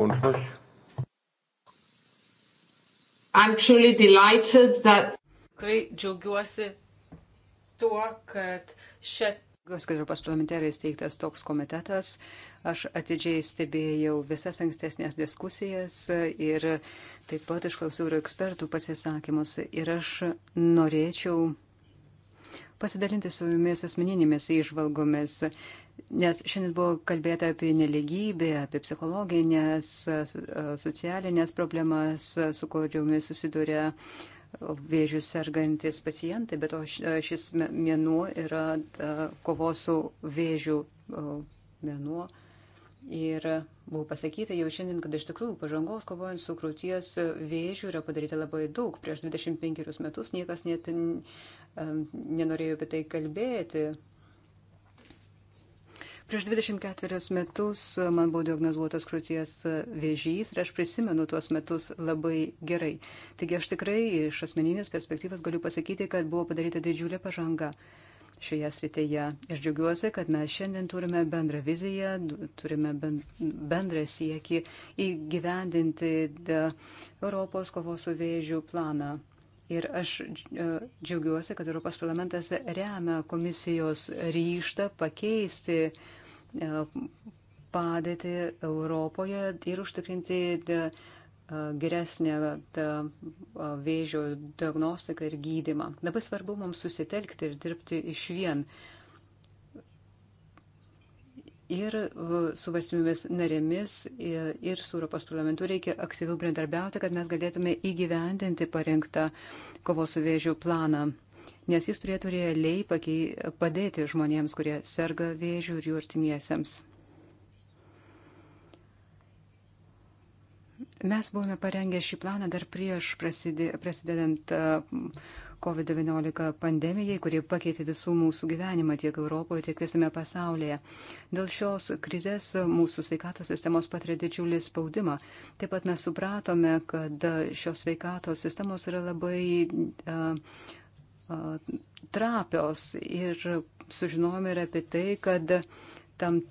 Unschluss. Actually delighted that. Tikrai džiaugiuosi tuo, kad šią Džiaugiuosi, kad Europos parlamentarai steigtas toks komitetas. Aš atidžiai stebėjau visas ankstesnės diskusijas ir taip pat išklausiau ir ekspertų pasisakymus. Ir aš norėčiau pasidalinti su jumis asmeninėmis išvalgomis, nes šiandien buvo kalbėta apie neligybę, apie psichologinės, socialinės problemas, su kuriomis susiduria vėžių sergantis pacientai, bet o šis mėnuo yra kovos su vėžių mėnuo. Ir buvo pasakyta jau šiandien, kad iš tikrųjų pažangos kovojant su krūties vėžiu yra padaryta labai daug. Prieš 25 metus niekas net nenorėjo apie tai kalbėti. Prieš 24 metus man buvo diagnozuotas krūties vėžys ir aš prisimenu tuos metus labai gerai. Taigi aš tikrai iš asmeninės perspektyvos galiu pasakyti, kad buvo padaryta didžiulė pažanga. Uh, šioje srityje. Ir džiaugiuosi, kad mes šiandien turime bendrą viziją, turime bendrą siekį įgyvendinti Europos kovos su vėžiu planą. Ir aš džiaugiuosi, kad Europos parlamentas remia komisijos ryštą pakeisti e, padėti Europoje ir užtikrinti geresnę vėžio diagnostiką ir gydimą. Labai svarbu mums susitelkti ir dirbti iš vien. Ir su valstybėmis narėmis, ir su Europos parlamentu reikia aktyviau bendarbiauti, kad mes galėtume įgyvendinti parengtą kovos su vėžiu planą, nes jis turėtų realiai padėti žmonėms, kurie serga vėžiu ir jų artimiesiems. Mes buvome parengę šį planą dar prieš prasidedant COVID-19 pandemijai, kuri pakeitė visų mūsų gyvenimą tiek Europoje, tiek visame pasaulyje. Dėl šios krizės mūsų sveikatos sistemos patiria didžiulį spaudimą. Taip pat mes supratome, kad šios sveikatos sistemos yra labai uh, uh, trapios ir sužinojome ir apie tai, kad tam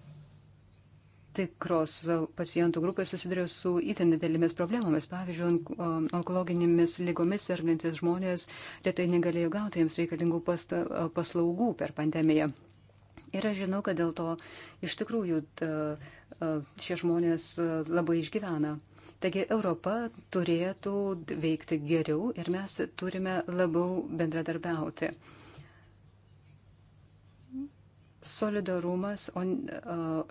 tikros pacientų grupės susiduria su itin didelėmis problemomis. Pavyzdžiui, onkologinėmis lygomis sergantis žmonės retai negalėjo gauti jiems reikalingų paslaugų per pandemiją. Ir aš žinau, kad dėl to iš tikrųjų šie žmonės labai išgyvena. Taigi Europa turėtų veikti geriau ir mes turime labiau bendradarbiauti solidarumas, o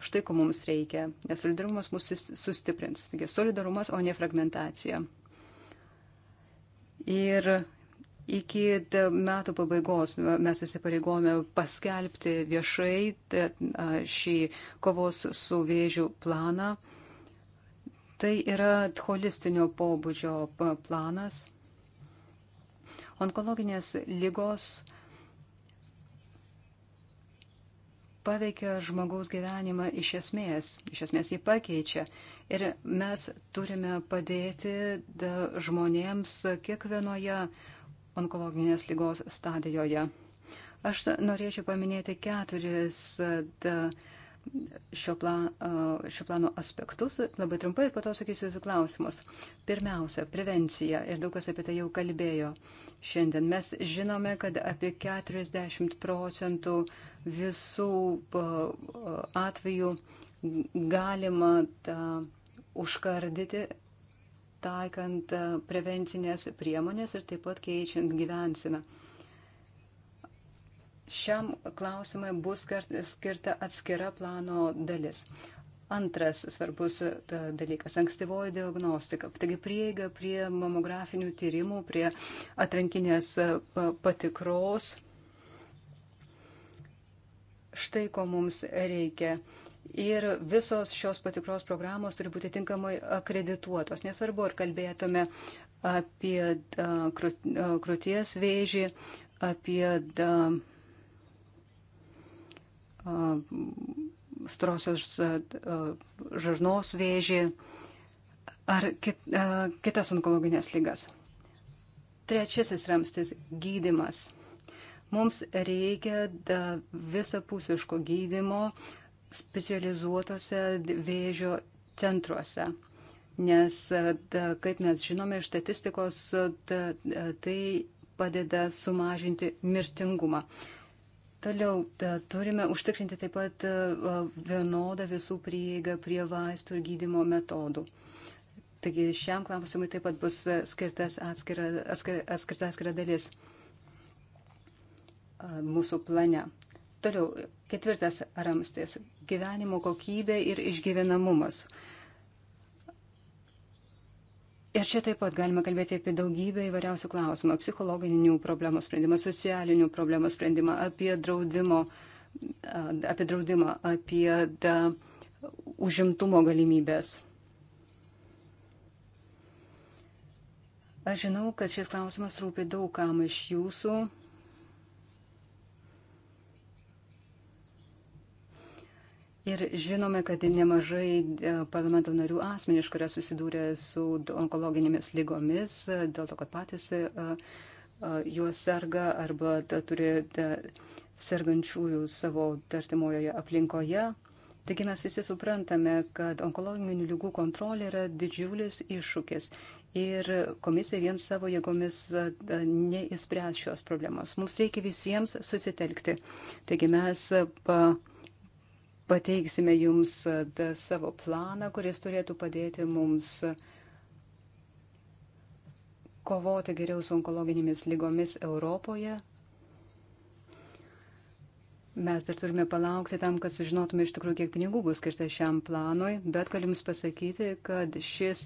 štai ko mums reikia, nes solidarumas mus sustiprins. Taigi solidarumas, o ne fragmentacija. Ir iki metų pabaigos mes įsipareigojame paskelbti viešai šį kovos su vėžiu planą. Tai yra holistinio pobūdžio planas. Onkologinės lygos paveikia žmogaus gyvenimą iš esmės, iš esmės jį pakeičia. Ir mes turime padėti žmonėms kiekvienoje onkologinės lygos stadijoje. Aš norėčiau paminėti keturis šio, plan, šio plano aspektus, labai trumpai ir po to sakysiu jūsų klausimus. Pirmiausia, prevencija ir daug kas apie tai jau kalbėjo. Šiandien mes žinome, kad apie 40 procentų uh, visų atvejų galima tą užkardyti, taikant prevencinės priemonės ir taip pat keičiant gyvensiną. Šiam klausimai bus skirta atskira plano dalis. Antras svarbus dalykas - ankstyvoji diagnostika. Taigi prieiga prie mamografinių tyrimų, prie atrankinės patikros štai ko mums reikia. Ir visos šios patikros programos turi būti tinkamai akredituotos. Nesvarbu, ar kalbėtume apie krūties vėžį, apie strosios žarnos vėžį ar kitas onkologinės lygas. Trečiasis ramstis - gydimas. Mums reikia visapusiško gydimo specializuotose vėžio centruose. Nes, da, kaip mes žinome iš statistikos, da, da, tai padeda sumažinti mirtingumą. Toliau da, turime užtikrinti taip pat da, vienodą visų prieigą prie vaistų ir gydimo metodų. Taigi šiam klausimui taip pat bus skirtas atskira, atskira, atskirta atskira dalis mūsų plane. Toliau, ketvirtas ramstis - gyvenimo kokybė ir išgyvenamumas. Ir čia taip pat galima kalbėti apie daugybę įvairiausių klausimų - psichologinių problemų sprendimą, socialinių problemų sprendimą, apie draudimo, apie draudimą, apie da, užimtumo galimybės. Aš žinau, kad šis klausimas rūpi daugam iš jūsų. Ir žinome, kad nemažai e, parlamento narių asmeniškai yra susidūrę su onkologinėmis lygomis, e, dėl to, kad patys e, juos serga arba turi sergančiųjų savo artimojoje aplinkoje. Taigi mes visi suprantame, kad onkologinių lygų kontrolė yra didžiulis iššūkis ir komisija vien savo jėgomis neįspręs šios problemos. Mums reikia visiems susitelkti. Taigi mes pa, uh, pateiksime jums e, savo planą, kuris turėtų padėti mums kovoti geriau su onkologinėmis lygomis Europoje. Mes dar turime palaukti tam, kad sužinotume iš tikrųjų, kiek pinigų bus skirta šiam planui, bet galiu Jums pasakyti, kad šis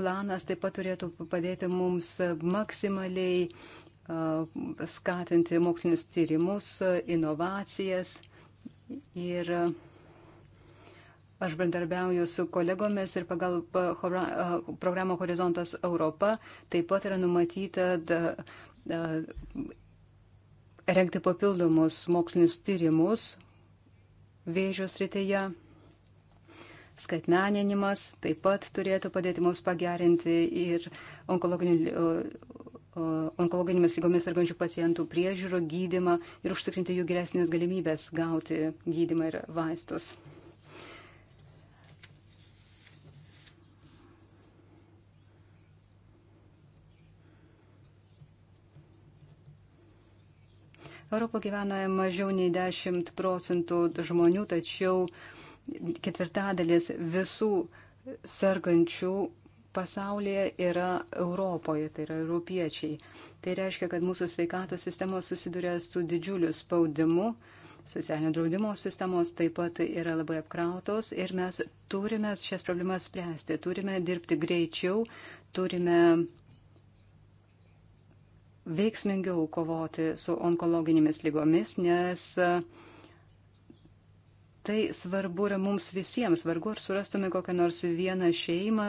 planas taip pat turėtų padėti mums maksimaliai uh, skatinti mokslinius tyrimus, inovacijas ir uh, Aš bendarbiauju su kolegomis ir pagal programą Horizontas Europa taip pat yra numatyta da, da, renkti papildomus mokslinius tyrimus vėžio srityje. Skaitmeninimas taip pat turėtų padėti mums pagerinti ir onkologinėmis lygomis argančių pacientų priežiūrą, gydimą ir užtikrinti jų geresnės galimybės gauti gydimą ir vaistus. Europo gyvena mažiau nei 10 procentų žmonių, tačiau ketvirtadalis visų sergančių pasaulyje yra Europoje, tai yra europiečiai. Tai reiškia, kad mūsų sveikatos sistemos susiduria su didžiuliu spaudimu, socialinio draudimo sistemos taip pat yra labai apkrautos ir mes turime šias problemas spręsti, turime dirbti greičiau, turime veiksmingiau kovoti su onkologinėmis lygomis, nes e, tai svarbu yra mums visiems. Vargu ar surastume kokią nors vieną šeimą,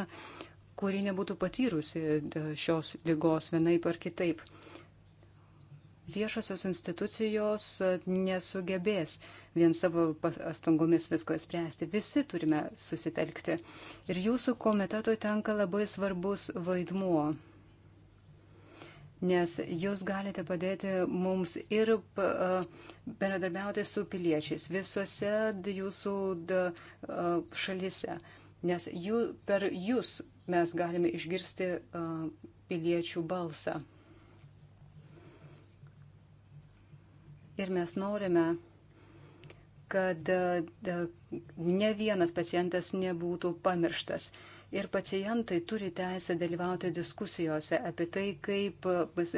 kuri nebūtų patyrusi e, šios lygos vienaip ar kitaip. Viešosios institucijos e, nesugebės vien savo pastangomis visko spręsti. Visi turime susitelkti. Ir jūsų komiteto tenka labai svarbus vaidmuo nes jūs galite padėti mums ir bendradarbiauti su piliečiais visuose jūsų šalise, nes jų, per jūs mes galime išgirsti piliečių balsą. Ir mes norime, kad ne vienas pacientas nebūtų pamirštas ir pacientai turi teisę dalyvauti diskusijose apie tai, kaip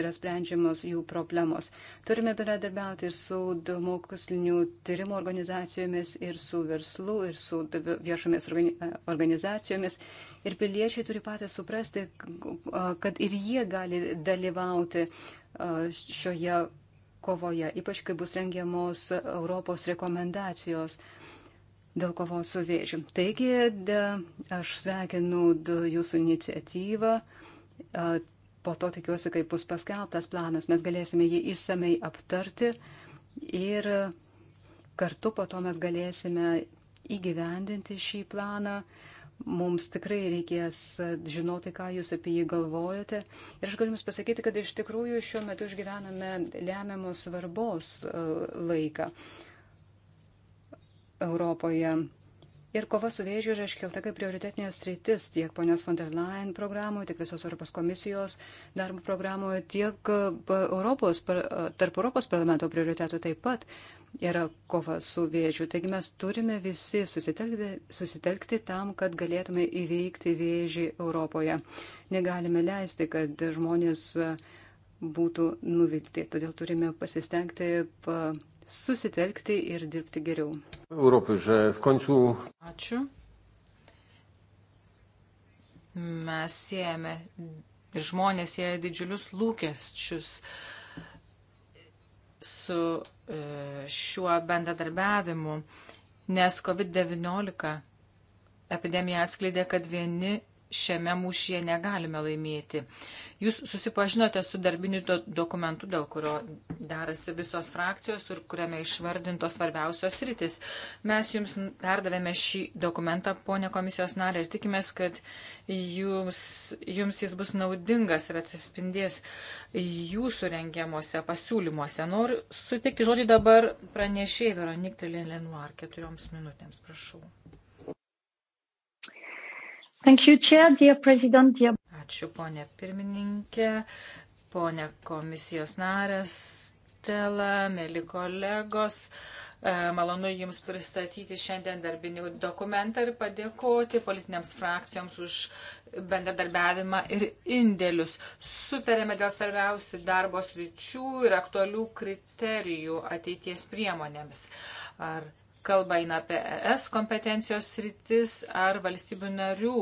yra sprendžiamos jų problemos. Turime bendradarbiauti ir su mokslinių tyrimų organizacijomis, ir su verslu, ir su viešomis organizacijomis. Ir piliečiai turi patys suprasti, kad ir jie gali dalyvauti šioje kovoje, ypač kai bus rengiamos Europos rekomendacijos dėl kovos su vėžiu. Taigi, de, aš sveikinu jūsų iniciatyvą. Po to tikiuosi, kai bus paskelbtas planas, mes galėsime jį išsamei aptarti ir kartu po to mes galėsime įgyvendinti šį planą. Mums tikrai reikės žinoti, ką jūs apie jį galvojate. Ir aš galiu jums pasakyti, kad iš tikrųjų šiuo metu išgyvename lemiamos svarbos laiką. Uh, Europoje. Ir kova su vėžiu yra iškelta kaip prioritetinė streitis tiek ponios von der Leyen programoje, tiek visos Europos komisijos darbo programoje, tiek e, Europos, e, tarp Europos parlamento prioritetų taip pat yra kova su vėžiu. Taigi mes turime visi susitelkti, susitelkti tam, kad galėtume įveikti vėžį Europoje. Negalime leisti, kad žmonės e, būtų nuvilti. Todėl turime pasistengti susitelkti ir dirbti geriau. Europai, že v koncu. Ačiū. Mes siejame ir žmonės sieja didžiulius lūkesčius su e, šiuo bendradarbiavimu, nes COVID-19 epidemija atskleidė, kad vieni šiame mūšyje negalime laimėti. Jūs susipažinote su darbiniu do dokumentu, dėl kurio darasi visos frakcijos ir kuriame išvardintos svarbiausios rytis. Mes jums perdavėme šį dokumentą, ponė komisijos narė, ir tikimės, kad jūs, jums jis bus naudingas ir atsispindės jūsų rengiamuose pasiūlymuose. Noriu sutikti žodį dabar pranešėjai Veronik Telė Lenuar keturioms minutėms, prašau. Thank you, Chair, dear President, dear... Ačiū, ponė pirmininkė, ponė komisijos narės, Stela, mėly kolegos. E, malonu Jums pristatyti šiandien darbinių dokumentą ir padėkoti politinėms frakcijoms už bendradarbiavimą ir indėlius. Sutarėme dėl svarbiausių darbo sričių ir aktualių kriterijų ateities priemonėms. Ar kalba eina apie ES kompetencijos sritis ar valstybių narių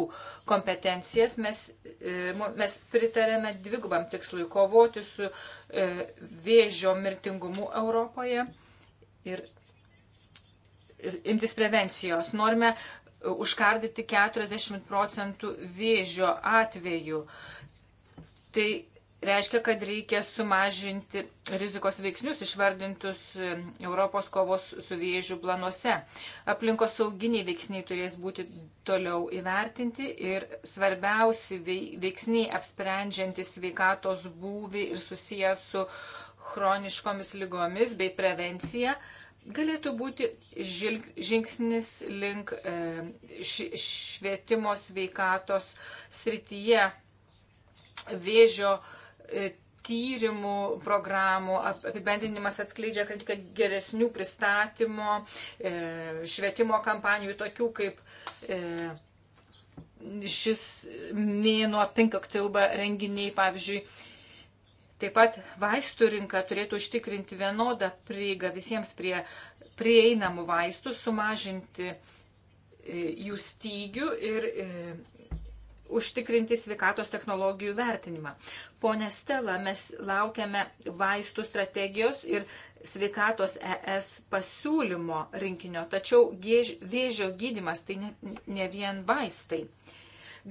kompetencijas, mes, e, mes pritarėme dvigubam tikslui kovoti su e, vėžio mirtingumu Europoje ir imtis prevencijos. Norime e, užkardyti 40 procentų vėžio atvejų. Tai reiškia, kad reikia sumažinti rizikos veiksnius išvardintus Europos kovos su vėžiu planuose. Aplinkos sauginiai veiksniai turės būti toliau įvertinti ir svarbiausi veiksniai apsprendžiantys sveikatos būvį ir susijęs su chroniškomis lygomis bei prevencija galėtų būti žilg, žingsnis link e, švietimo sveikatos srityje vėžio E, tyrimų programų apibendrinimas atskleidžia, kad reikia geresnių pristatymo, e, švietimo kampanijų, tokių kaip e, šis mėnuo Pink October renginiai, pavyzdžiui. Taip pat vaistų rinka turėtų užtikrinti vienodą prieigą visiems prie prieinamų vaistų, sumažinti jų stygių ir užtikrinti sveikatos technologijų vertinimą. Pone Stela, mes laukiame vaistų strategijos ir sveikatos ES pasiūlymo rinkinio, tačiau vėžio gydimas tai ne, ne vien vaistai.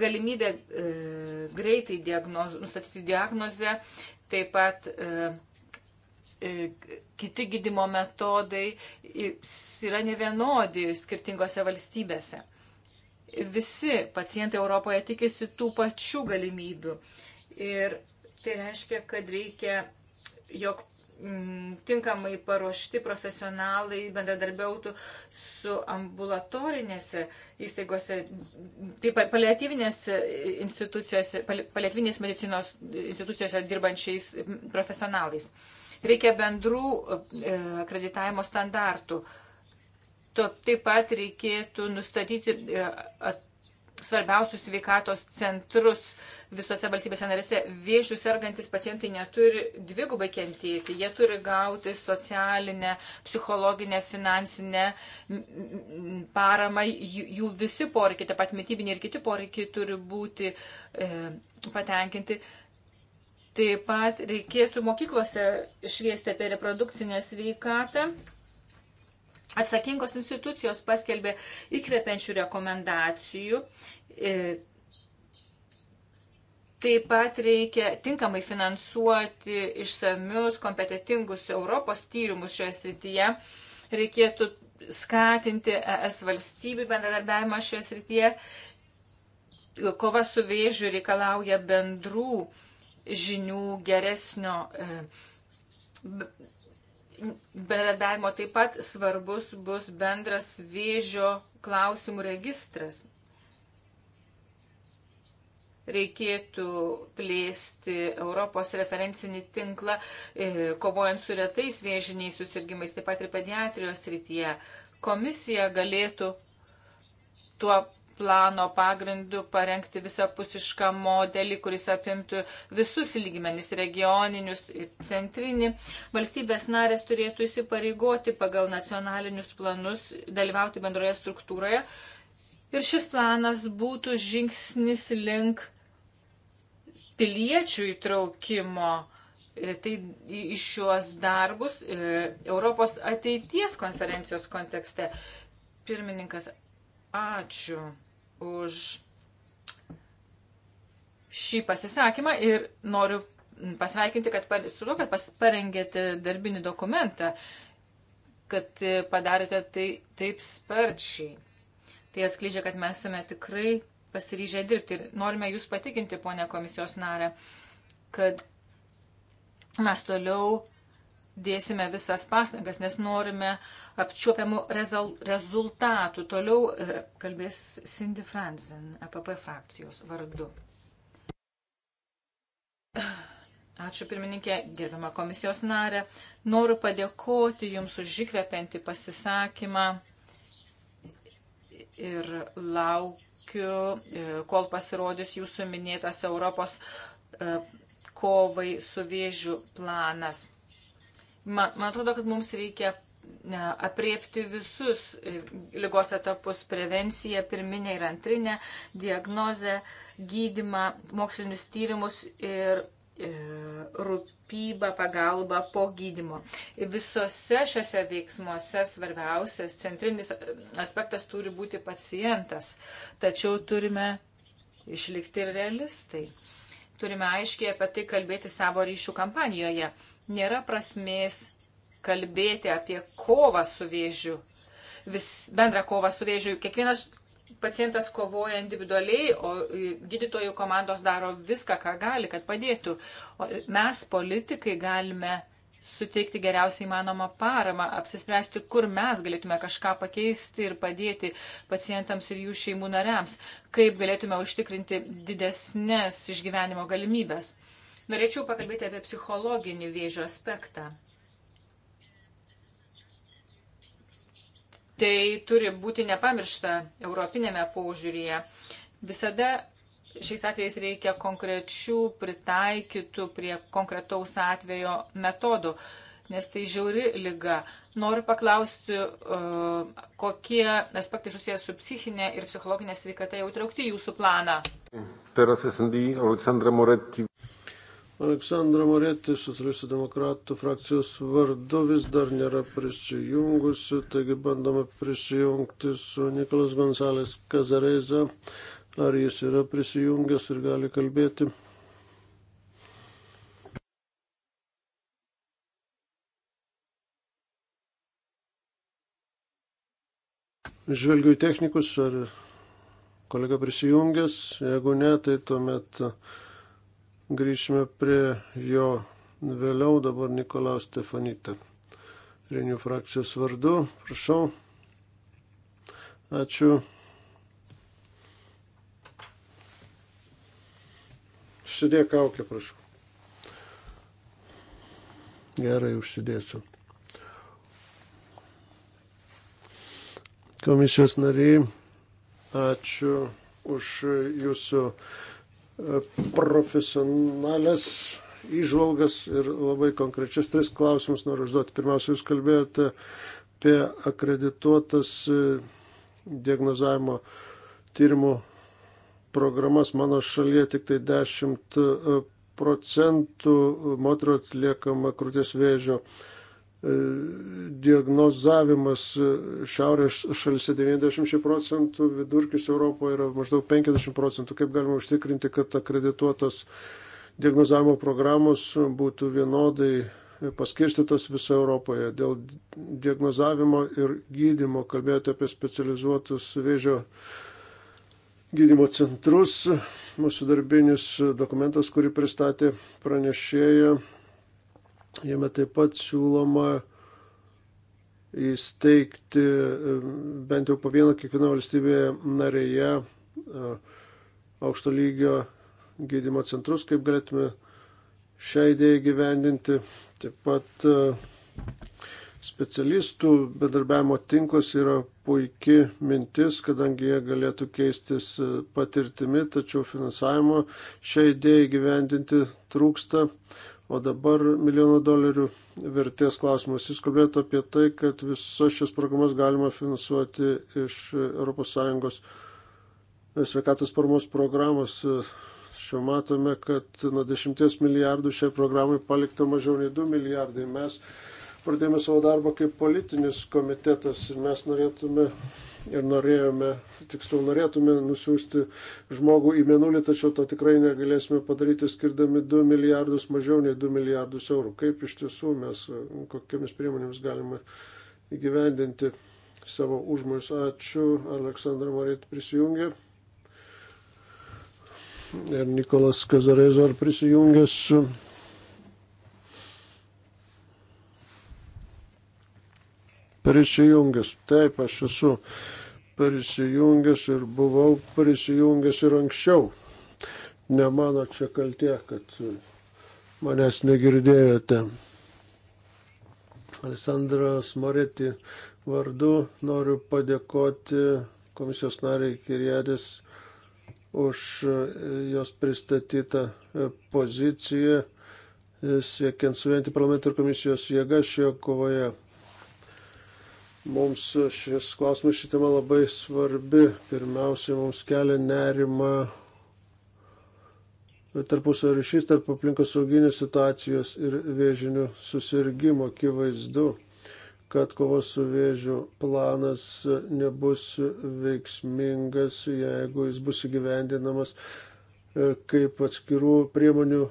Galimybė e, greitai diagnoz, nustatyti diagnozę, taip pat e, e kiti gydimo metodai yra nevienodi skirtingose valstybėse visi pacientai Europoje tikisi tų pačių galimybių. Ir tai reiškia, kad reikia, jog mm, tinkamai paruošti profesionalai bendradarbiautų su ambulatorinėse įstaigose, taip pat paliatyvinėse institucijose, paliatyvinės medicinos institucijose dirbančiais profesionalais. Reikia bendrų e, akreditavimo standartų. E, Taip pat reikėtų nustatyti e, svarbiausius sveikatos centrus visose valstybėse narėse. Vėžių sergantis pacientai neturi dvigubai kentėti. Jie turi gauti socialinę, psichologinę, finansinę paramą. Jų visi poreikiai, taip pat mytybiniai ir kiti poreikiai turi būti e, patenkinti. Taip pat reikėtų mokyklose šviesti apie reprodukcinę sveikatą. Atsakingos institucijos paskelbė įkvepiančių rekomendacijų. E, taip pat reikia tinkamai finansuoti išsamius, kompetitingus Europos tyrimus šioje srityje. Reikėtų skatinti ES valstybių bendradarbiavimą šioje srityje. Kova su vėžiu reikalauja bendrų žinių geresnio e, bendradarbiavimo taip pat svarbus bus bendras vėžio klausimų registras. Reikėtų plėsti Europos referencinį tinklą, e, kovojant su retais vėžiniais susirgymais, taip pat ir pediatrijos rytyje. Komisija galėtų tuo plano pagrindu parengti visapusišką modelį, kuris apimtų visus lygmenis - regioninius ir centrinį. Valstybės narės turėtų įsipareigoti pagal nacionalinius planus dalyvauti bendroje struktūroje. Ir šis planas būtų žingsnis link piliečių įtraukimo e, tai į šiuos darbus e, Europos ateities konferencijos kontekste. Pirmininkas, ačiū už šį pasisakymą ir noriu pasveikinti, kad, su to, kad parengėte darbinį dokumentą, kad padarėte tai taip sparčiai. Tai atskleidžia, kad mes esame tikrai pasiryžę dirbti ir norime jūs patikinti, ponė komisijos narė, kad mes toliau dėsime visas pastangas, nes norime apčiuopiamų rezultatų. Toliau e, kalbės Cindy Franzen, APP e frakcijos vardu. Ačiū pirmininkė, gerbama komisijos narė. Noriu padėkoti Jums už žikvepiantį pasisakymą ir laukiu, e, kol pasirodys Jūsų minėtas Europos kovai su vėžiu planas. Man, man atrodo, kad mums reikia ne, apriepti visus e, lygos etapus - prevenciją, pirminę ir antrinę, diagnozę, gydimą, mokslinius tyrimus ir e, rūpybą, pagalbą po gydimo. E, visose šiuose veiksmuose svarbiausias centrinis e, aspektas turi būti pacientas, tačiau turime išlikti ir realistai. E, Turime aiškiai apie tai kalbėti savo ryšių kampanijoje. Nėra prasmės kalbėti apie kovą su vėžiu. Vis bendrą kovą su vėžiu. Kiekvienas pacientas kovoja individualiai, o e, gydytojų komandos daro viską, ką gali, kad padėtų. O e, mes, politikai, galime suteikti geriausiai įmanomą paramą, apsispręsti, kur mes galėtume kažką pakeisti ir padėti pacientams ir jų šeimų nariams, kaip galėtume užtikrinti didesnės išgyvenimo galimybės. Norėčiau pakalbėti apie psichologinį vėžio aspektą. Tai turi būti nepamiršta europinėme požiūryje. Visada šiais atvejais reikia konkrečių pritaikytų prie konkretaus atvejo metodų, nes tai žiauri lyga. Noriu paklausti, uh, kokie aspektai susijęs su psichinė ir psichologinė sveikata jau traukti jūsų planą. Per SSND Aleksandra Moretti. Aleksandra Moretti, socialistų demokratų frakcijos vardu vis dar nėra prisijungusi, taigi bandome prisijungti su Nikolas Gonzalės Kazareza Ar jis yra prisijungęs ir gali kalbėti? Žvelgiu į technikus, ar kolega prisijungęs, jeigu ne, tai tuomet grįšime prie jo vėliau, dabar Nikolaus Stefanita. Renių frakcijos vardu, prašau. Ačiū. Užsidėk kaukę, prašau. Gerai, užsidėsiu. Komisijos nariai, ačiū už jūsų e, profesionales įžvalgas ir labai konkrečias tris klausimus noriu užduoti. Pirmiausia, jūs kalbėjote apie akredituotas e, diagnozavimo tyrimų programas mano šalyje tik tai 10 e, procentų moterų atliekama krūties vėžio e, diagnozavimas e, šiaurės šalise 90 procentų, vidurkis Europoje yra maždaug 50 procentų. Kaip galima užtikrinti, kad akredituotos diagnozavimo programos būtų vienodai paskirstytos viso Europoje. Dėl diagnozavimo ir gydimo kalbėjote apie specializuotus vėžio gydymo centrus. Mūsų darbinis dokumentas, kurį pristatė pranešėja, jame taip pat siūloma įsteigti e, bent jau po vieną kiekvieną valstybėje narėje e, aukšto lygio gydymo centrus, kaip galėtume šią idėją gyvendinti. Taip pat e, specialistų bedarbiavimo tinklas yra puikia mintis, kadangi jie galėtų keistis e, patirtimi, tačiau finansavimo šią idėją įgyvendinti trūksta. O dabar milijono dolerių vertės klausimas. Jis kalbėtų apie tai, kad visas šias programas galima finansuoti iš ES sveikatos paramos programos. Šiuo matome, kad nuo 10 milijardų šiai programai palikta mažiau nei 2 milijardai. Mes pradėjome savo darbą kaip politinis komitetas ir mes norėtume ir norėjome, tiksliau norėtume nusiųsti žmogų į menulį, tačiau to tikrai negalėsime padaryti skirdami 2 milijardus mažiau nei 2 milijardus eurų. Kaip iš tiesų mes, kokiamis priemonėmis galime įgyvendinti savo užmojus. Ačiū, Aleksandra Marit prisijungė. Ir Nikolas Kazarezor prisijungęs. Su prisijungęs. Taip, aš esu prisijungęs ir buvau prisijungęs ir anksčiau. Ne mano čia kaltė, kad manęs negirdėjote. Alessandros Moreti vardu noriu padėkoti komisijos nariai Kirjadis už jos pristatytą poziciją siekiant suvienti parlamento ir komisijos jėgas šioje kovoje. Mums šis klausimas šitą man labai svarbi. Pirmiausia, mums kelia nerima tarpusio ryšys tarp aplinkos sauginės situacijos ir vėžinių susirgymo. Akivaizdu, kad kovos su vėžiu planas nebus veiksmingas, jeigu jis bus įgyvendinamas e, kaip atskirų priemonių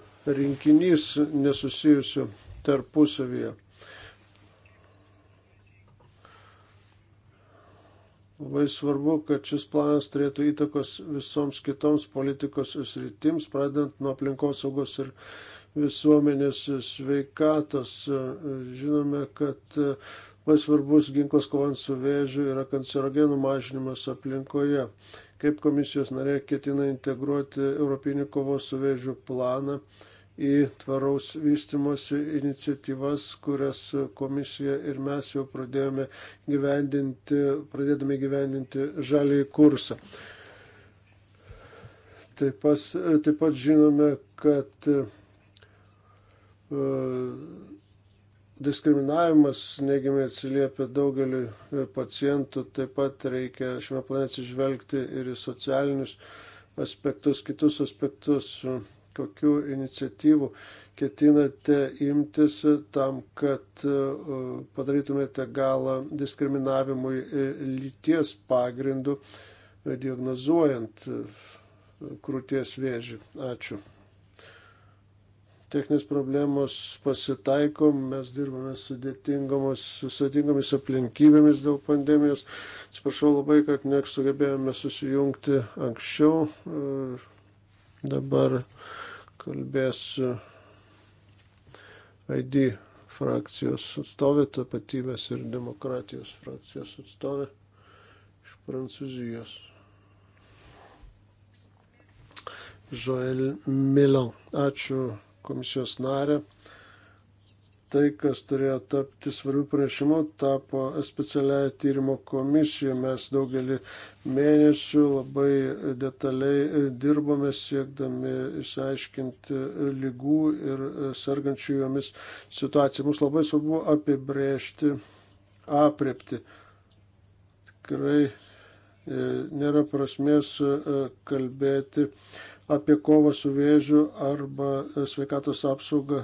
rinkinys nesusijusių tarpusavyje. Labai svarbu, kad šis planas turėtų įtakos visoms kitoms politikos sritims, pradedant nuo aplinkosaugos ir visuomenės sveikatos. Žinome, kad labai svarbus ginklas kovant su vėžiu yra kancerogenų mažinimas aplinkoje. Kaip komisijos narė ketina integruoti Europinį kovos su vėžiu planą į tvaraus vystimosi iniciatyvas, kurias komisija ir mes jau pradėjome gyvendinti, pradėdami gyvendinti žalį kursą. Taip pat, taip pat žinome, kad e, diskriminavimas neigiamai atsiliepia daugeliu pacientų, taip pat reikia šiame planete žvelgti ir į socialinius aspektus, kitus aspektus kokių iniciatyvų ketinate imtis tam, kad e, padarytumėte galą diskriminavimui e, lyties pagrindu, e, diagnozuojant krūties vėžį. Ačiū. Techninės problemos pasitaiko, mes dirbame sudėtingomis aplinkybėmis dėl pandemijos. Atsiprašau labai, kad nesugebėjome susijungti anksčiau. Dabar uh, kalbės uh, ID frakcijos atstovė, tapatybės ir demokratijos frakcijos atstovė iš Prancūzijos. Joel Milan. Ačiū komisijos narė tai, kas turėjo tapti svarbių prašymų, tapo specialiaja tyrimo komisija. Mes daugelį mėnesių labai detaliai dirbome siekdami išsiaiškinti lygų ir sergančių jomis situaciją. Mums labai svarbu apibrėžti apriepti. Tikrai e, nėra prasmės e, kalbėti apie kovą su vėžiu arba e, sveikatos apsaugą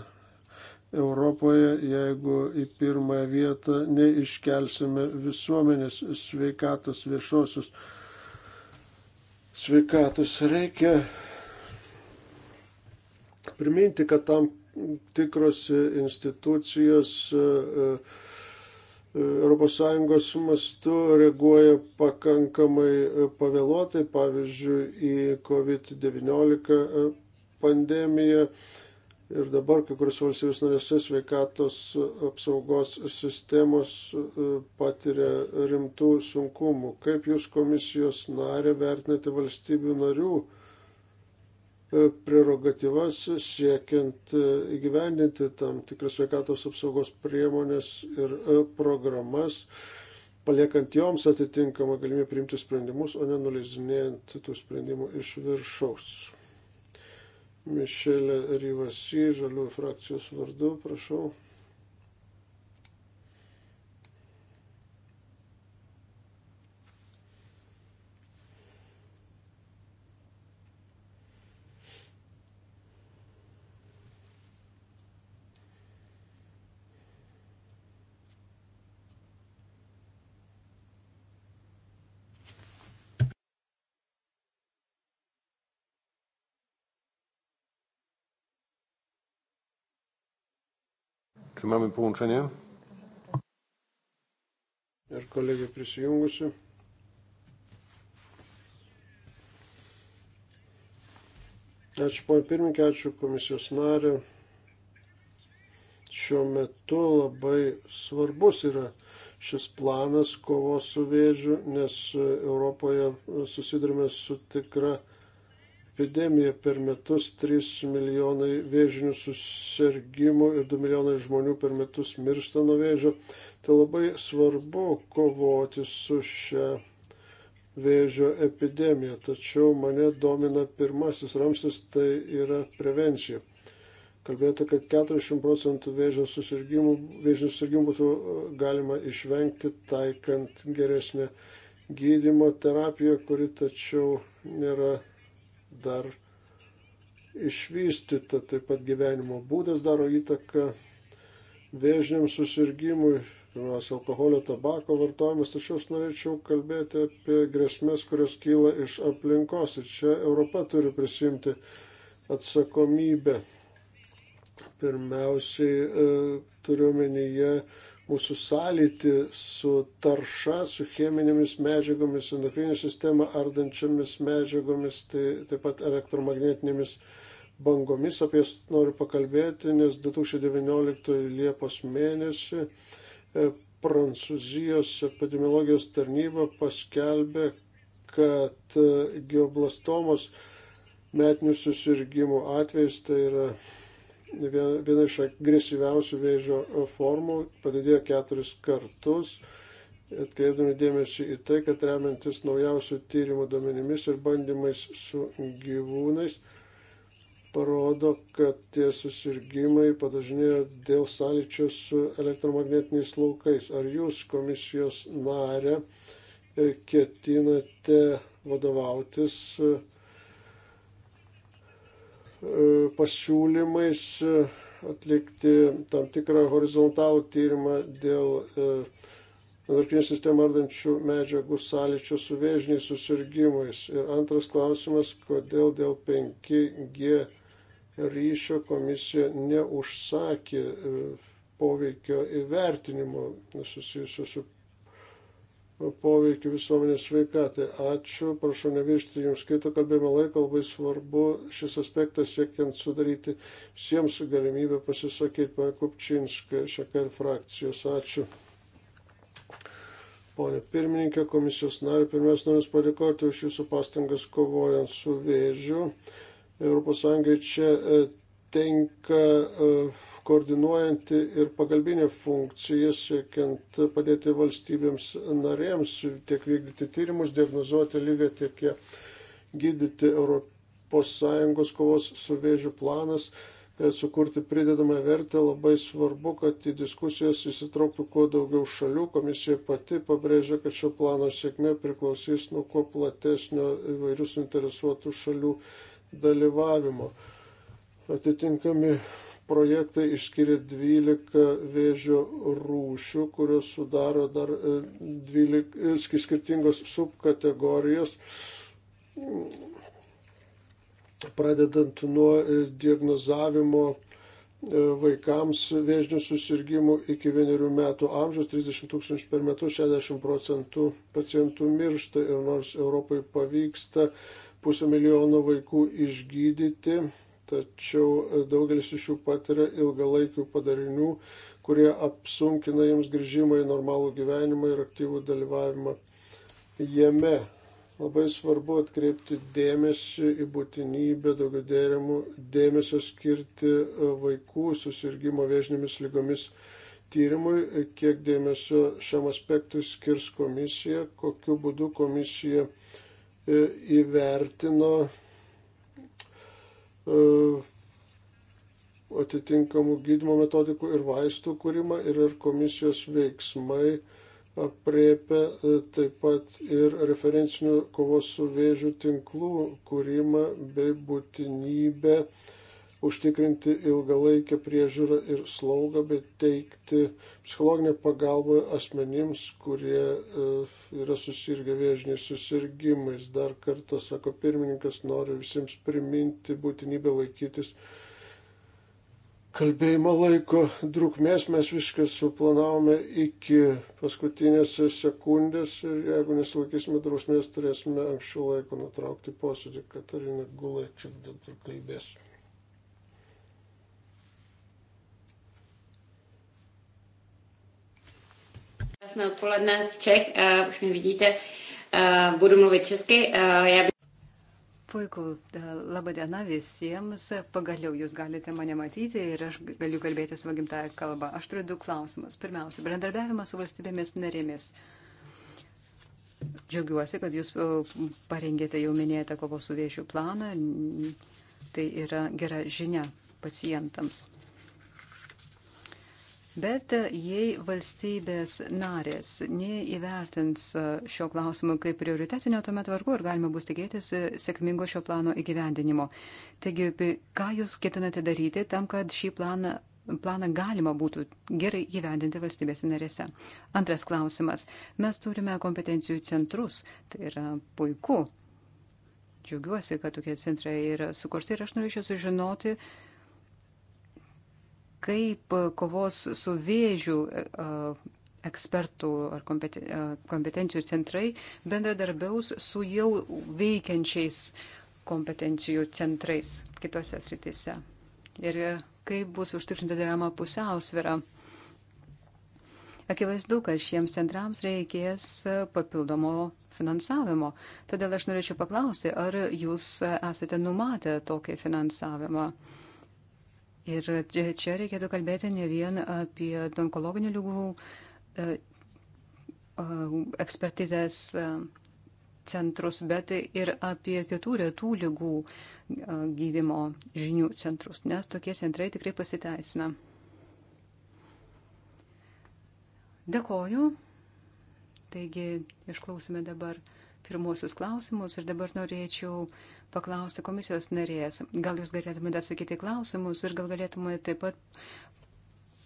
Europoje, jeigu į pirmąją vietą neiškelsime visuomenės sveikatos viešosios. Sveikatos reikia priminti, kad tam tikros institucijos uh, e, ES mastu reaguoja pakankamai pavėluotai, pavyzdžiui, į COVID-19 e, pandemiją Ir dabar kai kurios valstybės narėse sveikatos apsaugos sistemos e, patiria rimtų sunkumų. Kaip jūs komisijos narė vertinate valstybių narių e, prerogatyvas siekiant e, įgyvendinti tam tikras sveikatos apsaugos priemonės ir programas, paliekant joms atitinkamą galimybę priimti sprendimus, o ne nuleizinėjant tų sprendimų iš viršaus? Mišelė Ryvasi, žaliųjų frakcijos vardu, prašau. Czy mamy połączenie? Ir kolegė prisijungusi. Ačiū, poje pirmininkė, ačiū komisijos narė. Šiuo metu labai svarbus yra šis planas kovos su vėžiu, nes Europoje susidurime su tikra epidemija per metus 3 milijonai vėžinių susirgymų ir 2 milijonai žmonių per metus miršta nuo vėžio. Tai labai svarbu kovoti su šia vėžio epidemija. Tačiau mane domina pirmasis ramsis, tai yra prevencija. Kalbėjote, kad 40 procentų vėžio susirgymų, vėžinių susirgymų būtų galima išvengti taikant geresnę gydimo terapiją, kuri tačiau nėra dar išvystyta. Taip pat gyvenimo būdas daro įtaką vėžiniam susirgymui, pirmiausia, alkoholio, tabako vartojimas. Tačiau aš norėčiau kalbėti apie grėsmės, kurios kyla iš aplinkos. Ir čia Europa turi prisimti atsakomybę. Pirmiausiai e, turiu menyje mūsų sąlytį su tarša, su cheminėmis medžiagomis, endokrininė sistema ardančiomis medžiagomis, tai taip pat elektromagnetinėmis bangomis. Apie jas noriu pakalbėti, nes 2019 Liepos mėnesį e, Prancūzijos epidemiologijos tarnyba paskelbė, kad e, geoblastomos metinių susirgymų atvejais, tai yra viena iš agresyviausių vėžio formų padidėjo keturis kartus, atkreipdami dėmesį į tai, kad remiantis naujausių tyrimų duomenimis ir bandymais su gyvūnais, parodo, kad tie susirgymai padažnėjo dėl sąlyčio su elektromagnetiniais laukais. Ar jūs komisijos narė ketinate vadovautis uh, pasiūlymais e, atlikti tam tikrą horizontalų tyrimą dėl e, endokrinę sistemą ardančių medžiagų sąlyčio su vėžiniais susirgymais. Ir antras klausimas, kodėl dėl 5G ryšio komisija neužsakė e, poveikio įvertinimo susijusio su poveikį visuomenės sveikatai. Ačiū, prašau neviršti jums kito kalbėjimo laiko, labai svarbu šis aspektas siekiant sudaryti visiems galimybę pasisakyti, pane Kupčinskė, šakel frakcijos. Ačiū. Pone pirmininkė, komisijos nariu, pirmiausia, noriu padėkoti už jūsų pastangas kovojant su vėžiu. ES čia e, tenka. Uh, koordinuojanti ir pagalbinė funkcija, siekiant padėti valstybėms narėms tiek vykdyti tyrimus, diagnozuoti lygą, tiek ją gydyti. ES kovos su vėžiu planas, kad sukurti pridedamą vertę, labai svarbu, kad į diskusijas įsitrauktų kuo daugiau šalių. Komisija pati pabrėžia, kad šio plano sėkmė priklausys nuo kuo platesnio įvairių suinteresuotų šalių dalyvavimo. Atitinkami projektai išskiria 12 vėžio rūšių, kurios sudaro dar 12 e, e, skirtingos subkategorijos, pradedant nuo e, diagnozavimo vaikams vėžinių susirgymų iki vienerių metų amžiaus 30 tūkstančių per metus 60 procentų pacientų miršta ir nors Europai pavyksta pusę milijono vaikų išgydyti, tačiau daugelis iš jų patiria ilgalaikių padarinių, kurie apsunkina jiems grįžimą į normalų gyvenimą ir aktyvų dalyvavimą jame. Labai svarbu atkreipti dėmesį į būtinybę daugiau dėrimų, dėmesio skirti e, vaikų susirgymo viežinėmis lygomis tyrimui, kiek dėmesio šiam aspektui skirs komisija, kokiu būdu komisija e, įvertino E, atitinkamų gydimo metodikų ir vaistų kūrimą ir ar komisijos veiksmai apriepia e, taip pat ir referencinių kovos su vėžiu tinklų kūrimą bei būtinybę uh, užtikrinti ilgalaikę priežiūrą ir slaugą, bet teikti psichologinę pagalbą asmenims, kurie e, yra susirgę vėžiniais susirgymais. Dar kartą, sako pirmininkas, noriu visiems priminti būtinybę laikytis. Kalbėjimo laiko trukmės mes viską suplanavome iki paskutinės sekundės ir jeigu nesilaikysime drausmės, turėsime anksčiau laiko nutraukti posėdį. Katarina Gulaičiuk dabar kalbės. Krásné odpoledne z Čech, uh, už mě vidíte, uh, budu mluvit česky. Uh, já by... Puiku, laba diena visiems, pagaliau jūs galite mane matyti ir aš galiu kalbėti savo gimtają kalbą. Aš turiu du klausimus. Pirmiausia, bendradarbiavimas su valstybėmis narėmis. Džiaugiuosi, kad jūs parengėte jau minėtą kovos su viešiu planą. Tai yra gera žinia pacientams. Bet e, jei valstybės narės neįvertins e, šio klausimo kaip prioritetinio, tuomet vargu ar galima bus tikėtis e, sėkmingo šio plano įgyvendinimo. Taigi, ką jūs ketinate daryti tam, kad šį planą, planą galima būtų gerai įgyvendinti valstybės narėse? Antras klausimas. Mes turime kompetencijų centrus. Tai yra puiku. Džiaugiuosi, kad tokie centrai yra sukurti ir aš norėčiau sužinoti, uh, kaip kovos su vėžiu e, e, ekspertų ar e, kompetencijų centrai bendradarbiaus su jau veikiančiais kompetencijų centrais kitose sritise. Ir kaip bus užtikrinta derama pusiausvėra. Akivaizdu, kad šiems centrams reikės papildomo finansavimo. Todėl aš norėčiau paklausti, ar jūs esate numatę tokį finansavimą. Uh, Ir čia reikėtų kalbėti ne vien apie onkologinių lygų e, e, ekspertizės e, centrus, bet ir apie kitų retų lygų gydimo žinių centrus, nes tokie centrai tikrai pasiteisina. Dėkoju. Taigi išklausime dabar pirmosius klausimus ir dabar norėčiau paklausti komisijos narės. Gal jūs galėtumėte atsakyti klausimus ir gal galėtumėte taip pat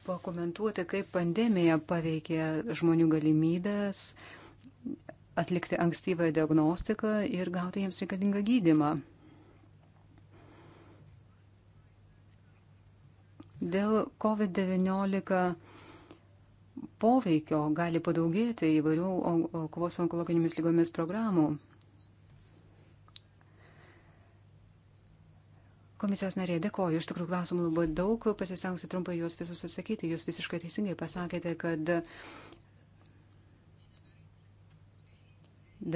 pakomentuoti, kaip pandemija paveikė žmonių galimybės atlikti ankstyvąją diagnostiką ir gauti jiems reikalingą gydimą. Dėl COVID-19 poveikio gali padaugėti įvairių kovos su onkologinėmis lygomis programų. Komisijos narė, dėkoju, iš tikrųjų klausimų labai daug, pasistengsiu trumpai juos visus atsakyti. Jūs visiškai teisingai pasakėte, kad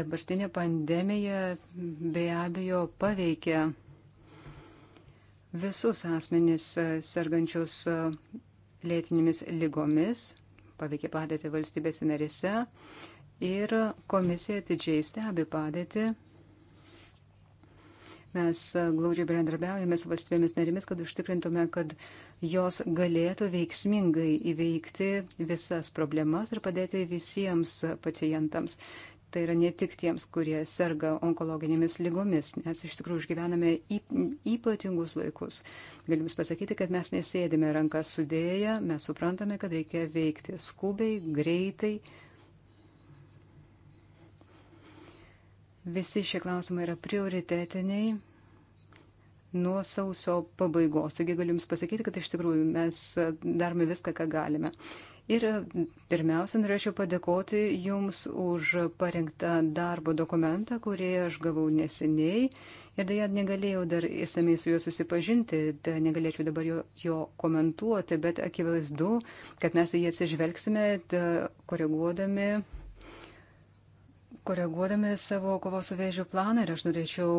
dabartinė pandemija be abejo paveikia visus asmenys sergančius lėtinėmis lygomis paveikė padėti valstybėse narėse ir komisija atidžiai stebi padėti. Mes glaudžiai bendradarbiaujame su valstybėmis narėmis, kad užtikrintume, kad jos galėtų veiksmingai įveikti visas problemas ir padėti visiems pacientams. Tai yra ne tik tiems, kurie serga onkologinėmis lygomis, nes iš tikrųjų išgyvename ypatingus laikus. Galim jums pasakyti, kad mes nesėdime rankas sudėję, mes suprantame, kad reikia veikti skubiai, greitai. Visi šie klausimai yra prioritetiniai nuo sausio pabaigos. Taigi galiu Jums pasakyti, kad iš tikrųjų mes darome viską, ką galime. Ir e, pirmiausia, norėčiau padėkoti Jums už parengtą darbo dokumentą, kurį aš gavau neseniai ir dėja negalėjau dar įsamei su juo susipažinti, tai negalėčiau dabar jo, jo komentuoti, bet akivaizdu, kad mes jį atsižvelgsime, da, koreguodami koreguodami savo kovos su vėžiu planą ir aš norėčiau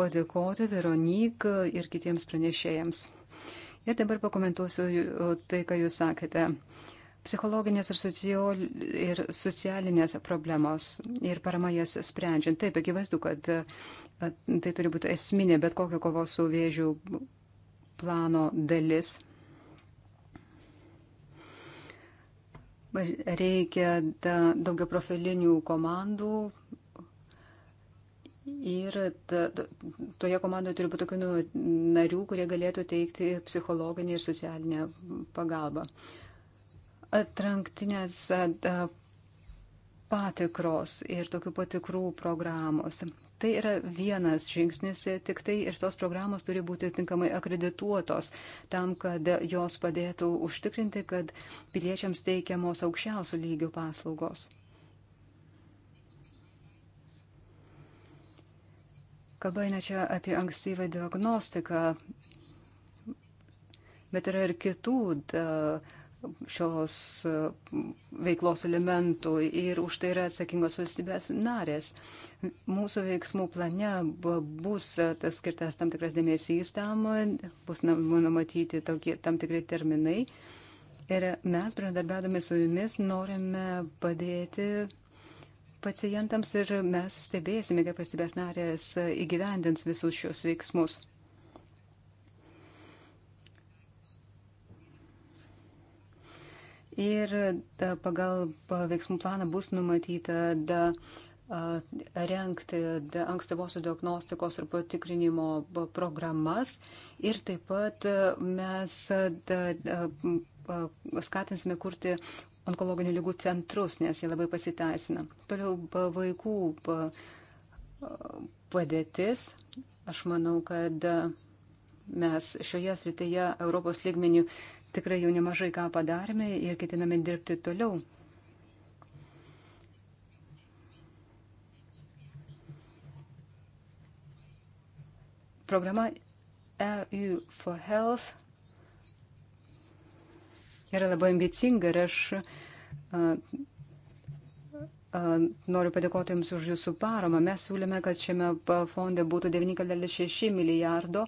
padėkoti Veronik ir kitiems pranešėjams. Ir dabar pakomentuosiu tai, ką jūs sakėte. Uh, psichologinės ir, socio, ir socialinės problemos ir parama jas sprendžiant. Taip, akivaizdu, kad tai turi būti esminė bet kokio kovos su vėžiu plano dalis. Reikia daugia profilinių komandų, Ir ta, toje komandoje turi būti tokių narių, kurie galėtų teikti psichologinį ir socialinę pagalbą. Uh, atranktinės patikros ir tokių patikrų programos. Tai yra vienas žingsnis tik tai ir tos programos turi būti tinkamai akredituotos tam, kad jos padėtų užtikrinti, kad piliečiams teikiamos aukščiausių lygių paslaugos. Kalba eina čia apie ankstyvą diagnostiką, bet yra ir kitų. Da, uh, šios e, veiklos elementų ir už tai yra atsakingos valstybės narės. Mūsų veiksmų plane bus e, skirtas tam tikras dėmesys tam, bus numatyti tokie, tam tikrai terminai. Ir mes, bendradarbiaudami su jumis, norime padėti pacientams ir mes stebėsime, kaip valstybės narės įgyvendins visus šios veiksmus. ir da, pagal veiksmų planą bus numatyta da, rengti ankstyvosios diagnostikos ir patikrinimo programas. Ir taip pat mes skatinsime kurti onkologinių lygų centrus, nes jie labai pasiteisina. Toliau vaikų padėtis. Aš manau, kad mes šioje srityje Europos lygmenių uh, Tikrai jau nemažai ką padarėme ir ketiname dirbti toliau. Programa EU for Health yra labai ambicinga ir aš a, a, noriu padėkoti Jums už Jūsų paramą. Mes siūlėme, kad šiame fonde būtų 9,6 milijardo,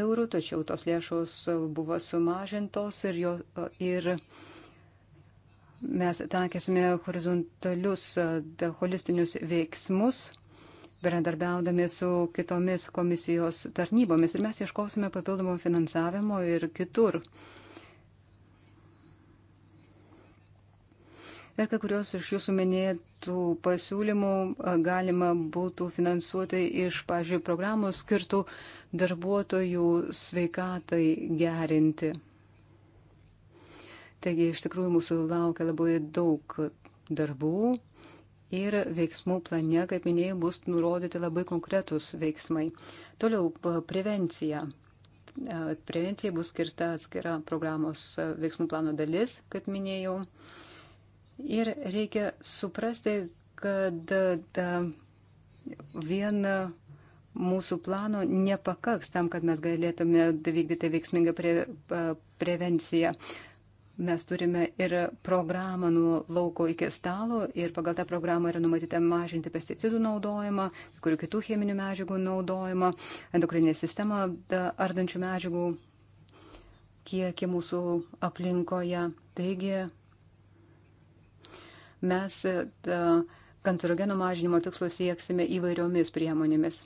eurų, tačiau tos lėšos buvo sumažintos ir, jo, ir mes tankėsime horizontalius, holistinius veiksmus, bendradarbiaudami su kitomis komisijos tarnybomis ir mes ieškosime papildomo finansavimo ir kitur. Uh, Ir kai kurios iš jūsų minėtų pasiūlymų galima būtų finansuoti iš, pažiūrėjau, programų skirtų darbuotojų sveikatai gerinti. Taigi, iš tikrųjų, mūsų laukia labai daug darbų ir veiksmų plane, kaip minėjau, bus nurodyti labai konkretus veiksmai. Toliau prevencija. Prevencija bus skirta atskira programos veiksmų plano dalis, kaip minėjau. Ir reikia suprasti, kad viena mūsų plano nepakaks tam, kad mes galėtume vykdyti veiksmingą pre, prevenciją. Mes turime ir programą nuo lauko iki stalo ir pagal tą programą yra numatyta mažinti pesticidų naudojimą, kurių kitų cheminių medžiagų naudojimą, endokrininę sistemą ardančių medžiagų kiekį mūsų aplinkoje. Taigi mes e, kancerogenų mažinimo tikslo sieksime įvairiomis priemonėmis.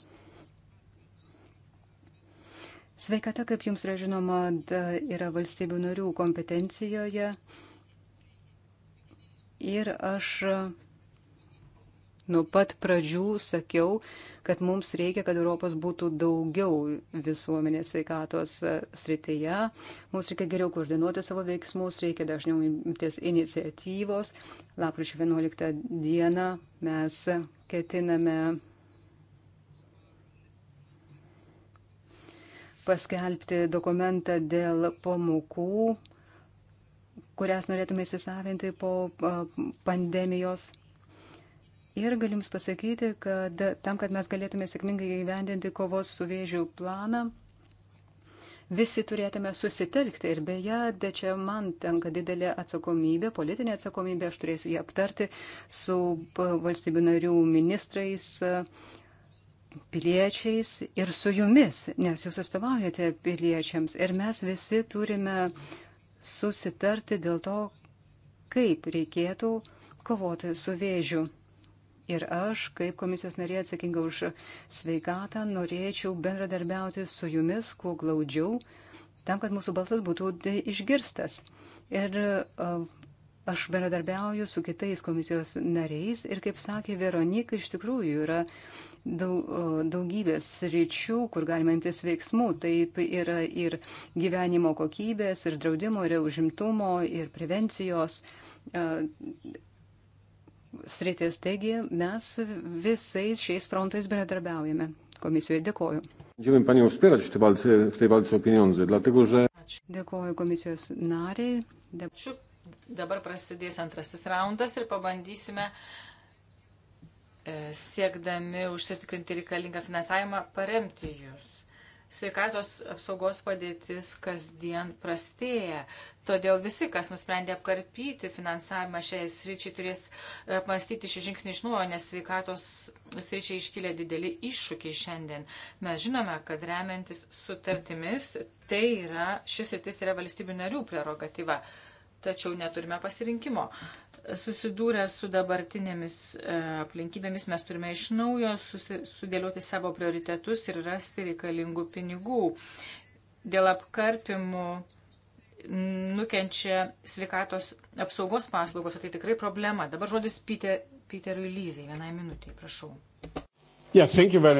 Sveikata, kaip jums yra žinoma, yra valstybių narių kompetencijoje ir aš nuo pat pradžių sakiau, kad mums reikia, kad Europos būtų daugiau visuomenės sveikatos e, srityje. Mums reikia geriau koordinuoti savo veiksmus, reikia dažniau imtis iniciatyvos. Lapkričio 11 dieną mes ketiname paskelbti dokumentą dėl pamokų, kurias norėtume įsisavinti po e, pandemijos. Ir galim pasakyti, kad tam, kad mes galėtume sėkmingai įgyvendinti kovos su vėžiu planą, visi turėtume susitelkti. Ir beje, de čia man tenka didelė atsakomybė, politinė atsakomybė, aš turėsiu ją aptarti su valstybių narių ministrais, piliečiais ir su jumis, nes jūs atstovaujate piliečiams. Ir mes visi turime susitarti dėl to, kaip reikėtų kovoti su vėžiu. Ir aš, kaip komisijos narė atsakinga už sveikatą, norėčiau bendradarbiauti su jumis kuo glaudžiau, tam, kad mūsų balsas būtų tai išgirstas. Ir aš bendradarbiauju su kitais komisijos nariais ir, kaip sakė Veronika, iš tikrųjų yra daugybės ryčių, kur galima imtis veiksmų. Taip yra ir gyvenimo kokybės, ir draudimo, ir užimtumo, ir prevencijos sritis. Taigi mes visais šiais frontais bendradarbiaujame. Komisijoje dėkoju. Będziemy Panią wspierać w tej walce, w tej walce o pieniądze, dlatego że... Dėkoju komisijos nariai. Ačiū. Dabar prasidės antrasis raundas ir pabandysime e, siekdami užsitikrinti reikalingą finansavimą paremti jūs sveikatos apsaugos padėtis kasdien prastėja. Todėl visi, kas nusprendė apkarpyti finansavimą šiai sričiai, turės e, mąstyti šį žingsnį iš nuojo, nes sveikatos sričiai iškilė dideli iššūkiai šiandien. Mes žinome, kad remiantis sutartimis, tai yra, šis sritis yra valstybių narių prerogatyva tačiau neturime pasirinkimo. Susidūrę su dabartinėmis e, aplinkybėmis mes turime iš naujo sudėlioti savo prioritetus ir rasti reikalingų pinigų. Dėl apkarpimų nukenčia sveikatos apsaugos paslaugos, o tai tikrai problema. Dabar žodis Peter, Peterui Lyzai, vienai minutiai, prašau. Yeah,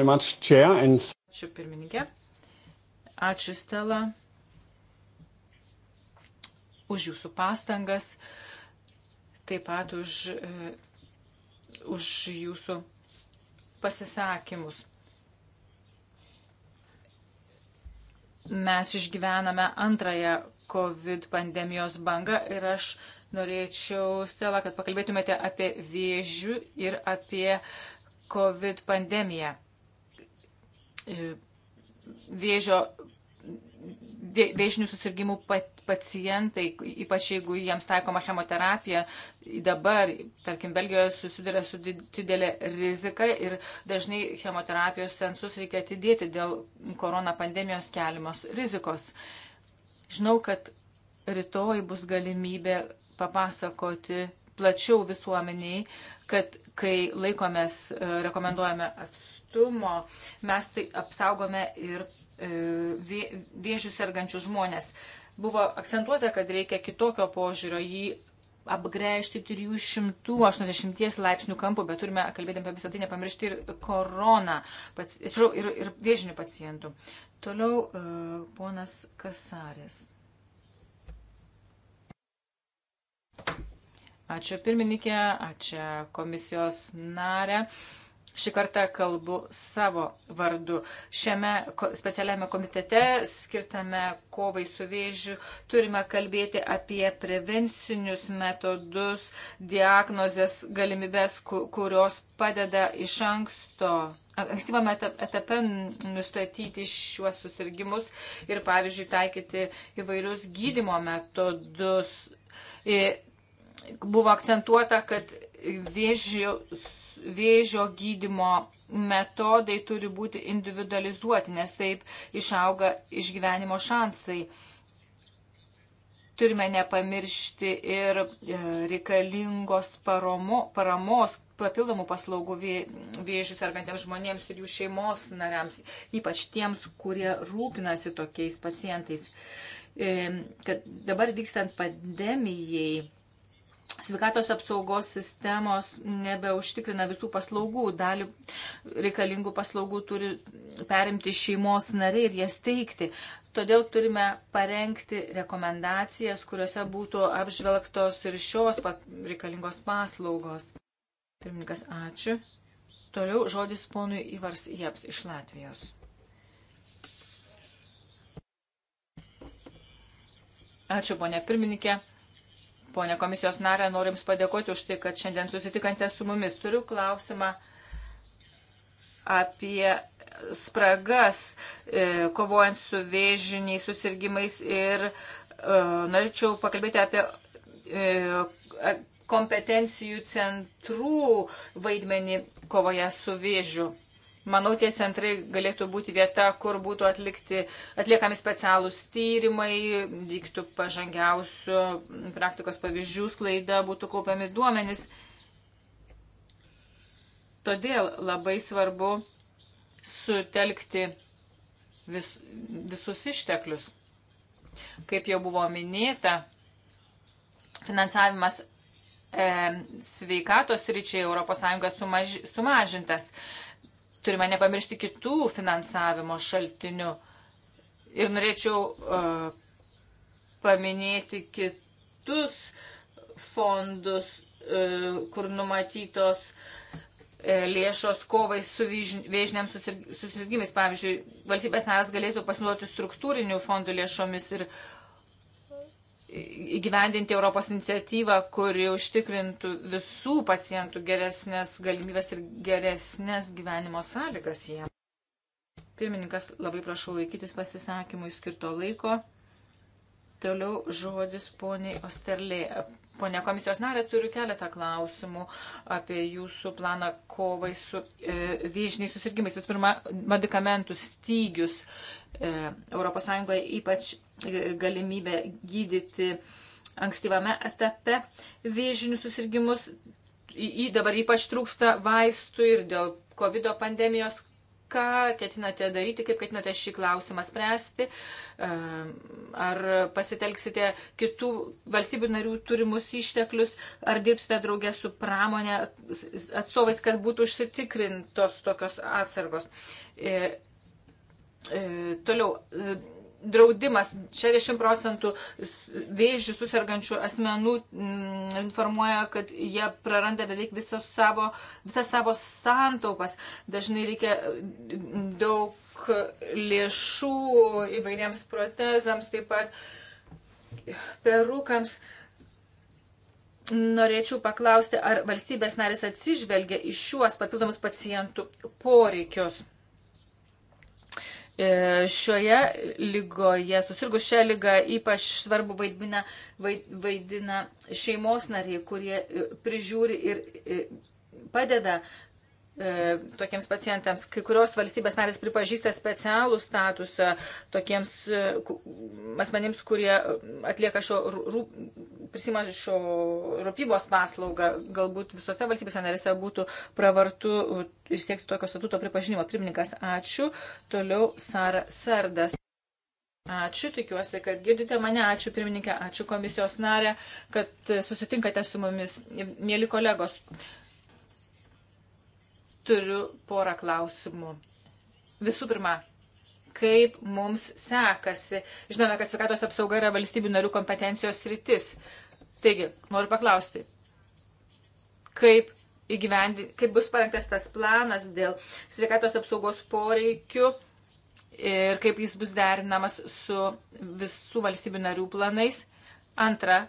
much, Chair, and... Ačiū pirmininkė. Ačiū Stela už jūsų pastangas, taip pat už, e, už jūsų pasisakymus. Mes išgyvename antrąją COVID pandemijos bangą ir aš norėčiau, Stela, kad pakalbėtumėte apie vėžių ir apie COVID pandemiją. E, vėžio vėžinių susirgymų pacientai, ypač jeigu jiems taikoma chemoterapija, dabar, tarkim, Belgijoje susiduria su didelė rizika ir dažnai chemoterapijos sensus reikia atidėti dėl korona pandemijos keliamos rizikos. Žinau, kad rytoj bus galimybė papasakoti plačiau visuomeniai, kad kai laikomės e, rekomenduojame atstovų, lankstumo mes tai apsaugome ir e, vėžių sergančius žmonės. Buvo akcentuota, kad reikia kitokio požiūrio jį apgręžti 380 laipsnių kampų, bet turime, kalbėdami apie visą tai, nepamiršti ir koroną, atsiprašau, ir, ir vėžinių pacientų. Toliau e, ponas Kasarės. Ačiū pirmininkė, ačiū komisijos narė. Šį kartą kalbu savo vardu. Šiame specialiame komitete, skirtame kovai su vėžiu, turime kalbėti apie prevencinius metodus, diagnozės galimybės, kurios padeda iš anksto ankstyvame etape nustatyti šiuos susirgymus ir, pavyzdžiui, taikyti įvairius gydimo metodus. Buvo akcentuota, kad vėžius vėžio gydimo metodai turi būti individualizuoti, nes taip išauga išgyvenimo šansai. Turime nepamiršti ir e, reikalingos paromo, paramos papildomų paslaugų vėžius argantiems žmonėms ir jų šeimos nariams, ypač tiems, kurie rūpinasi tokiais pacientais. E, kad dabar vykstant pandemijai, sveikatos apsaugos sistemos nebeužtikrina visų paslaugų, dalį reikalingų paslaugų turi perimti šeimos nariai ir jas teikti. Todėl turime parengti rekomendacijas, kuriuose būtų apžvelgtos ir šios reikalingos paslaugos. Pirmininkas, ačiū. Toliau žodis ponui Ivars Jeps iš Latvijos. Ačiū, ponė pirmininkė. Pone komisijos narė, norim padėkoti už tai, kad šiandien susitikante su mumis. Turiu klausimą apie spragas, e, kovojant su vėžiniais susirgymais ir e, norėčiau pakalbėti apie e, kompetencijų centrų vaidmenį kovoje su vėžiu. Manau, tie centrai galėtų būti vieta, kur būtų atlikti, atliekami specialūs tyrimai, vyktų pažangiausių praktikos pavyzdžių sklaida, būtų kaupiami duomenys. Todėl labai svarbu sutelkti vis, visus išteklius. Kaip jau buvo minėta, finansavimas e, sveikatos ryčiai ES sumaž, sumažintas turime nepamiršti kitų finansavimo šaltinių. Ir norėčiau uh, paminėti kitus fondus, uh, kur numatytos uh, lėšos kovai su vėžiniams susirgymais. Pavyzdžiui, valstybės naras galėtų pasinaudoti struktūrinių fondų lėšomis ir uh, įgyvendinti Europos iniciatyvą, kuri užtikrintų visų pacientų geresnės galimybės ir geresnės gyvenimo sąlygas jiems. Pirmininkas, labai prašau laikytis pasisakymui skirto laiko. Toliau žodis poniai Osterlė. Pone komisijos narė, turiu keletą klausimų apie jūsų planą kovai su e, vyžiniais susirgymais. Vis pirma, medikamentų stygius e, ES ypač galimybę gydyti ankstyvame etape vėžinius susirgymus. Į dabar ypač trūksta vaistų ir dėl COVID pandemijos. Ką ketinate daryti, kaip ketinate šį klausimą spręsti? Ehm, ar pasitelksite kitų valstybių narių turimus išteklius, ar dirbsite draugė su pramonė atstovais, kad būtų užsitikrintos tokios atsargos? E, e, toliau, draudimas 60 procentų vėžių susirgančių asmenų mm, informuoja, kad jie praranda beveik visą savo, visą savo santaupas. Dažnai reikia mm, daug lėšų įvairiems protezams, taip pat perukams. Norėčiau paklausti, ar valstybės narės atsižvelgia į šiuos papildomus pacientų poreikius. E, šioje lygoje, susirgus šią lygą, ypač svarbu vaidina, vaidina šeimos nariai, kurie e, prižiūri ir e, padeda E, tokiems pacientams. Kai kurios valstybės narės pripažįsta specialų statusą tokiems e, asmenims, kurie atlieka šio, rūp, prisima šio rūpybos paslaugą. Galbūt visose valstybėse narėse būtų pravartu siekti tokio statuto pripažinimo. Pirmininkas, ačiū. Toliau Sara Sardas. Ačiū, tikiuosi, kad girdite mane. Ačiū pirmininkė, ačiū komisijos narė, kad susitinkate su mumis, mėly kolegos. Uh, Turiu porą klausimų. Visų pirma, kaip mums sekasi. Žinome, kad sveikatos apsauga yra valstybių narių kompetencijos rytis. Taigi, noriu paklausti, kaip, įgyvendi, kaip bus parengtas tas planas dėl sveikatos apsaugos poreikių ir kaip jis bus derinamas su visų valstybių narių planais. Antra,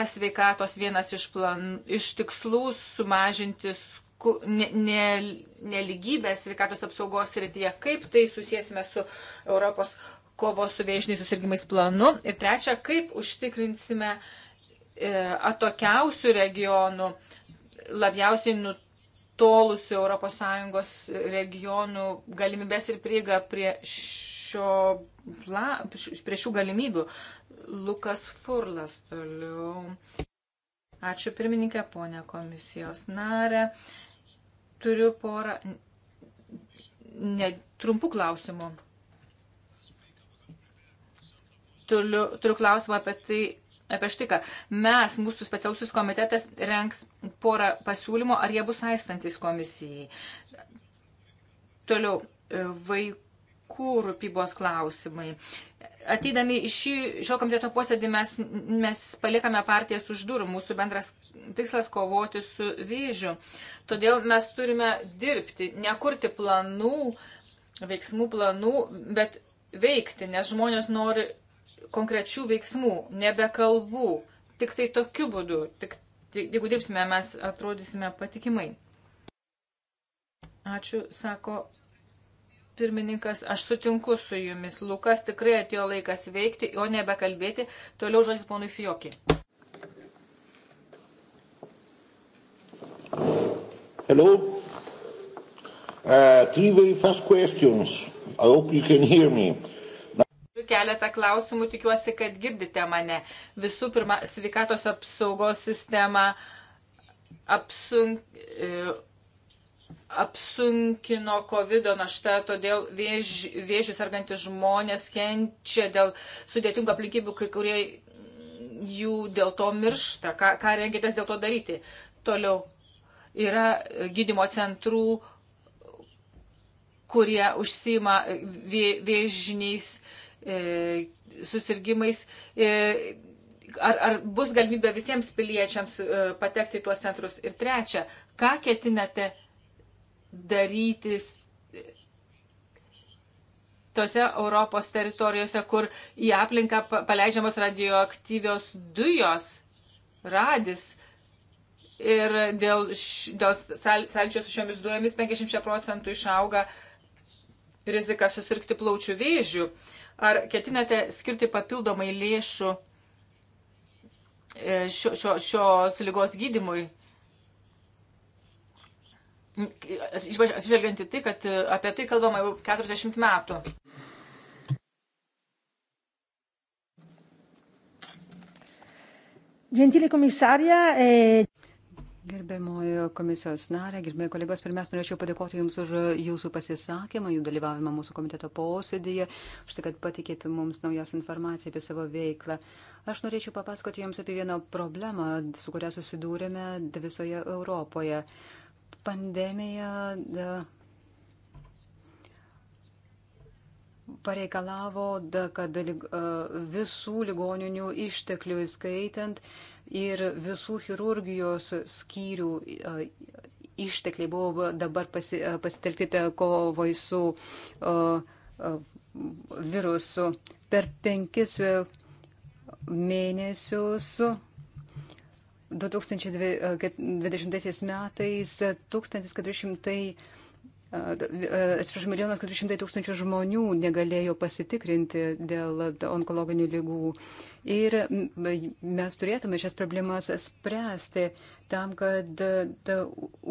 e-sveikatos vienas iš, plan, iš tikslų sumažinti neligybės sveikatos apsaugos srityje, kaip tai susijęsime su Europos kovos su viešiniais susirgymais planu. Ir trečia, kaip užtikrinsime e, atokiausių regionų, labiausiai nutolusių ES regionų galimybės ir prieigą prie, šio, prie šių galimybių. Lukas Furlas toliau. Ačiū pirmininkė, ponė komisijos narė. Turiu porą ne, trumpų klausimų. Turiu, turiu klausimą apie tai, apie štai ką. Mes, mūsų specialusis komitetas, renks porą pasiūlymų, ar jie bus aistantis komisijai. Toliau, vaikų rūpybos klausimai. Ateidami šį, šio komiteto posėdį mes, mes paliekame partijas už durų. Mūsų bendras tikslas kovoti su vėžiu. Todėl mes turime dirbti, nekurti planų, veiksmų planų, bet veikti, nes žmonės nori konkrečių veiksmų, nebe kalbų. Tik tai tokiu būdu, tik, tik, jeigu dirbsime, mes atrodysime patikimai. Ačiū, sako Pirmininkas, aš sutinku su jumis. Lukas tikrai atėjo laikas veikti, o nebekalbėti. Toliau žodis ponui Fijokiai. Hello. Uh, three very fast questions. I hope you can hear me keletą klausimų, tikiuosi, kad girdite mane. Visų pirma, sveikatos apsaugos sistema apsunk, apsunkino COVID naštą, todėl vėž, vėžius argantis žmonės kenčia dėl sudėtingų aplinkybių, kai kurie jų dėl to miršta. Ką, ką rengitės dėl to daryti? Toliau yra gydimo centrų, kurie užsima vė, vėžiniais e, susirgymais. E, ar, ar bus galimybė visiems piliečiams e, patekti į tuos centrus? Ir trečia, ką ketinate daryti tose Europos teritorijose, kur į aplinką paleidžiamos radioaktyvios dujos, radis. Ir dėl, š, dėl sąlyčio su šiomis dujomis 50 procentų išauga rizika susirgti plaučių vėžių. Ar ketinate skirti papildomai lėšų e, šio, šio, šios lygos gydimui? atsižvelgiant į tai, kad e, apie tai kalbama jau 40 metų. Gentile komisarija. E... Gerbėmojo komisijos narė, gerbėmojo kolegos, pirmiausia, norėčiau padėkoti Jums už Jūsų pasisakymą, Jų dalyvavimą mūsų komiteto posėdėje, už tai, kad patikėtų mums naujas informaciją apie savo veiklą. Aš norėčiau papasakoti Jums apie vieną problemą, su kuria susidūrėme visoje Europoje. Uh, pandemija da, pareikalavo, da, kad lig, visų ligoninių išteklių įskaitant ir visų chirurgijos skyrių ištekliai buvo dabar pasi, pasitelkti kovoj su o, o, virusu. Per penkis mėnesius 2020 e, metais 1400 e, e, atsiprašau, milijonas 400 tūkstančių žmonių negalėjo pasitikrinti dėl onkologinių lygų. Ir mes turėtume šias problemas spręsti tam, kad da,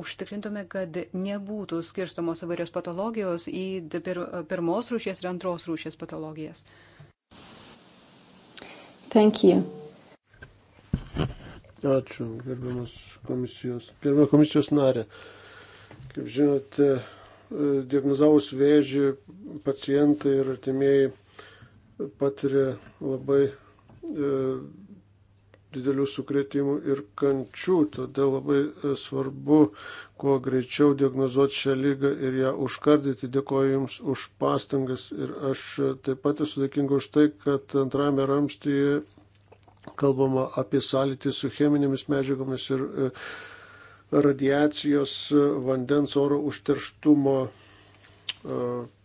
užtikrintume, kad nebūtų skirstomos įvairios patologijos į pir, pirmos rūšies ir antros rūšies patologijas. Thank you. Ačiū, gerbiamas komisijos, gerbiamą komisijos narę. Kaip žinote, e, diagnozavus vėžį pacientai ir artimieji patiria labai e, didelių sukretimų ir kančių, todėl labai e, svarbu, kuo greičiau diagnozuoti šią lygą ir ją užkardyti. Dėkoju Jums už pastangas ir aš e, taip pat esu dėkinga už tai, kad antrame ramstyje kalbama apie sąlytį su cheminėmis medžiagomis ir e, radiacijos e, vandens oro užterštumo e,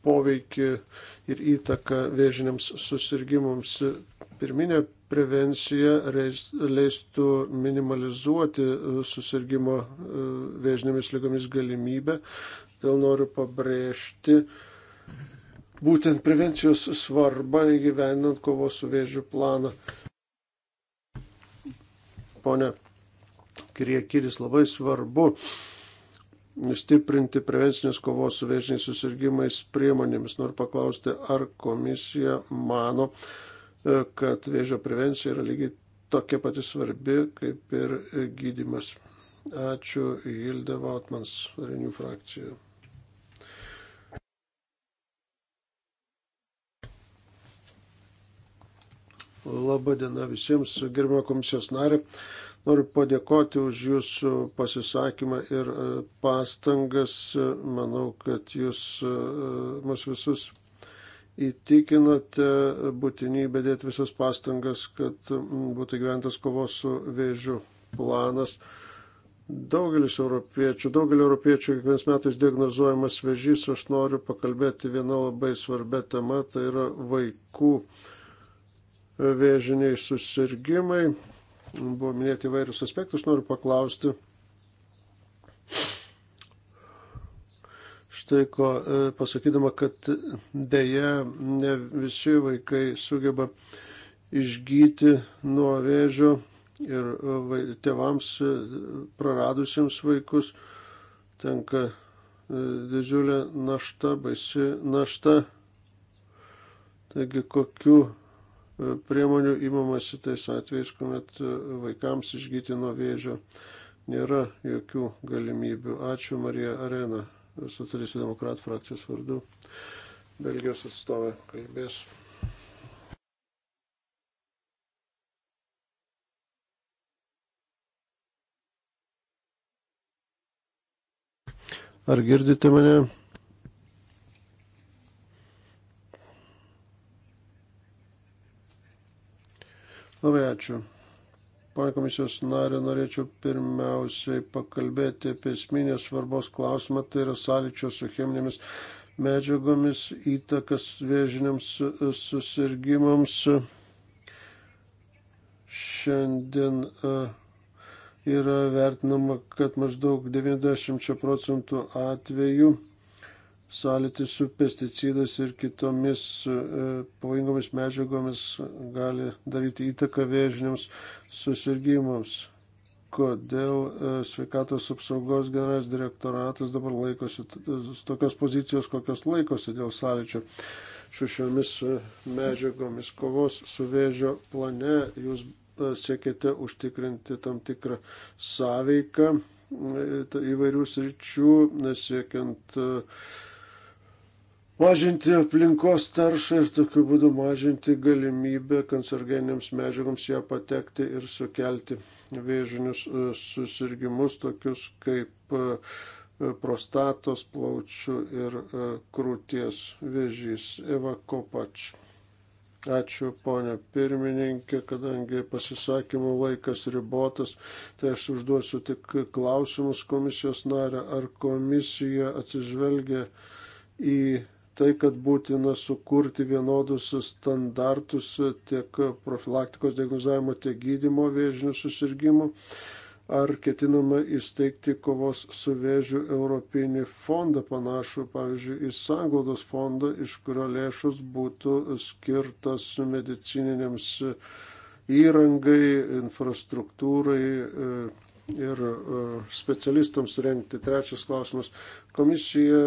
poveikį ir įtaką vėžiniams susirgymams. Pirminė prevencija leistų minimalizuoti susirgymo vėžinėmis lygomis galimybę. Dėl noriu pabrėžti būtent prevencijos svarbą įgyvendant kovos su vėžiu planą ponė Kiriekiris, labai svarbu stiprinti prevencinės kovos su vėžiniais susirgymais priemonėmis. Noriu paklausti, ar komisija mano, e, kad vėžio prevencija yra lygiai tokia pati svarbi kaip ir gydimas. Ačiū Hilde Vautmans, Renių frakcija. Labadiena visiems, gerbimo komisijos nariai. Noriu padėkoti už jūsų pasisakymą ir e, pastangas. Manau, kad jūs e, mus visus įtikinote būtinybę dėti visas pastangas, kad būtų gyventas kovos su vėžiu planas. Daugelis europiečių, daugelio europiečių kiekvienais metais diagnozuojamas vėžys, aš noriu pakalbėti vieną labai svarbę temą, tai yra vaikų vėžiniai susirgymai. Buvo minėti įvairius aspektus, noriu paklausti. Štai ko e, pasakydama, kad dėja ne visi vaikai sugeba išgyti nuo vėžio ir e, tėvams e, praradusiems vaikus tenka didžiulė našta, baisi našta. Taigi kokiu priemonių įmamasi tais atvejais, kuomet vaikams išgyti nuo vėžio nėra jokių galimybių. Ačiū Marija Arena, socialistų demokratų frakcijos vardu. Belgijos atstovė kalbės. Ar girdite mane? Labai ačiū. Pane komisijos narė, norėčiau pirmiausiai pakalbėti apie esminės svarbos klausimą, tai yra sąlyčio su cheminėmis medžiagomis įtakas vėžiniams susirgymams. Šiandien e, yra vertinama, kad maždaug 90 procentų atvejų sąlytį su pesticidais ir kitomis e, pavojingomis medžiagomis gali daryti įtaką vėžiniams susirgymams. Kodėl e, sveikatos apsaugos generalinis direktoratas dabar laikosi e, tokios pozicijos, kokios laikosi dėl sąlyčio su šiomis medžiagomis kovos su vėžio plane, jūs siekite užtikrinti tam tikrą sąveiką įvairių sričių, siekiant uh, mažinti aplinkos taršą ir tokiu būdu mažinti galimybę kancergeniniams medžiagoms ją patekti ir sukelti vėžinius e, susirgymus, tokius kaip e, prostatos plaučių ir e, krūties vėžys. Eva Kopač. Ačiū, ponė pirmininkė, kadangi pasisakymų laikas ribotas, tai aš užduosiu tik klausimus komisijos narę, ar komisija atsižvelgia į tai, kad būtina sukurti vienodus standartus tiek profilaktikos diagnozavimo, tiek gydimo vėžinių susirgymų. Ar ketinama įsteigti kovos su vėžiu Europinį fondą panašų, pavyzdžiui, į Sanglaudos fondą, iš kurio lėšus būtų skirtas medicininiams įrangai, infrastruktūrai, e, ir e, specialistams renkti. Trečias klausimas. Komisija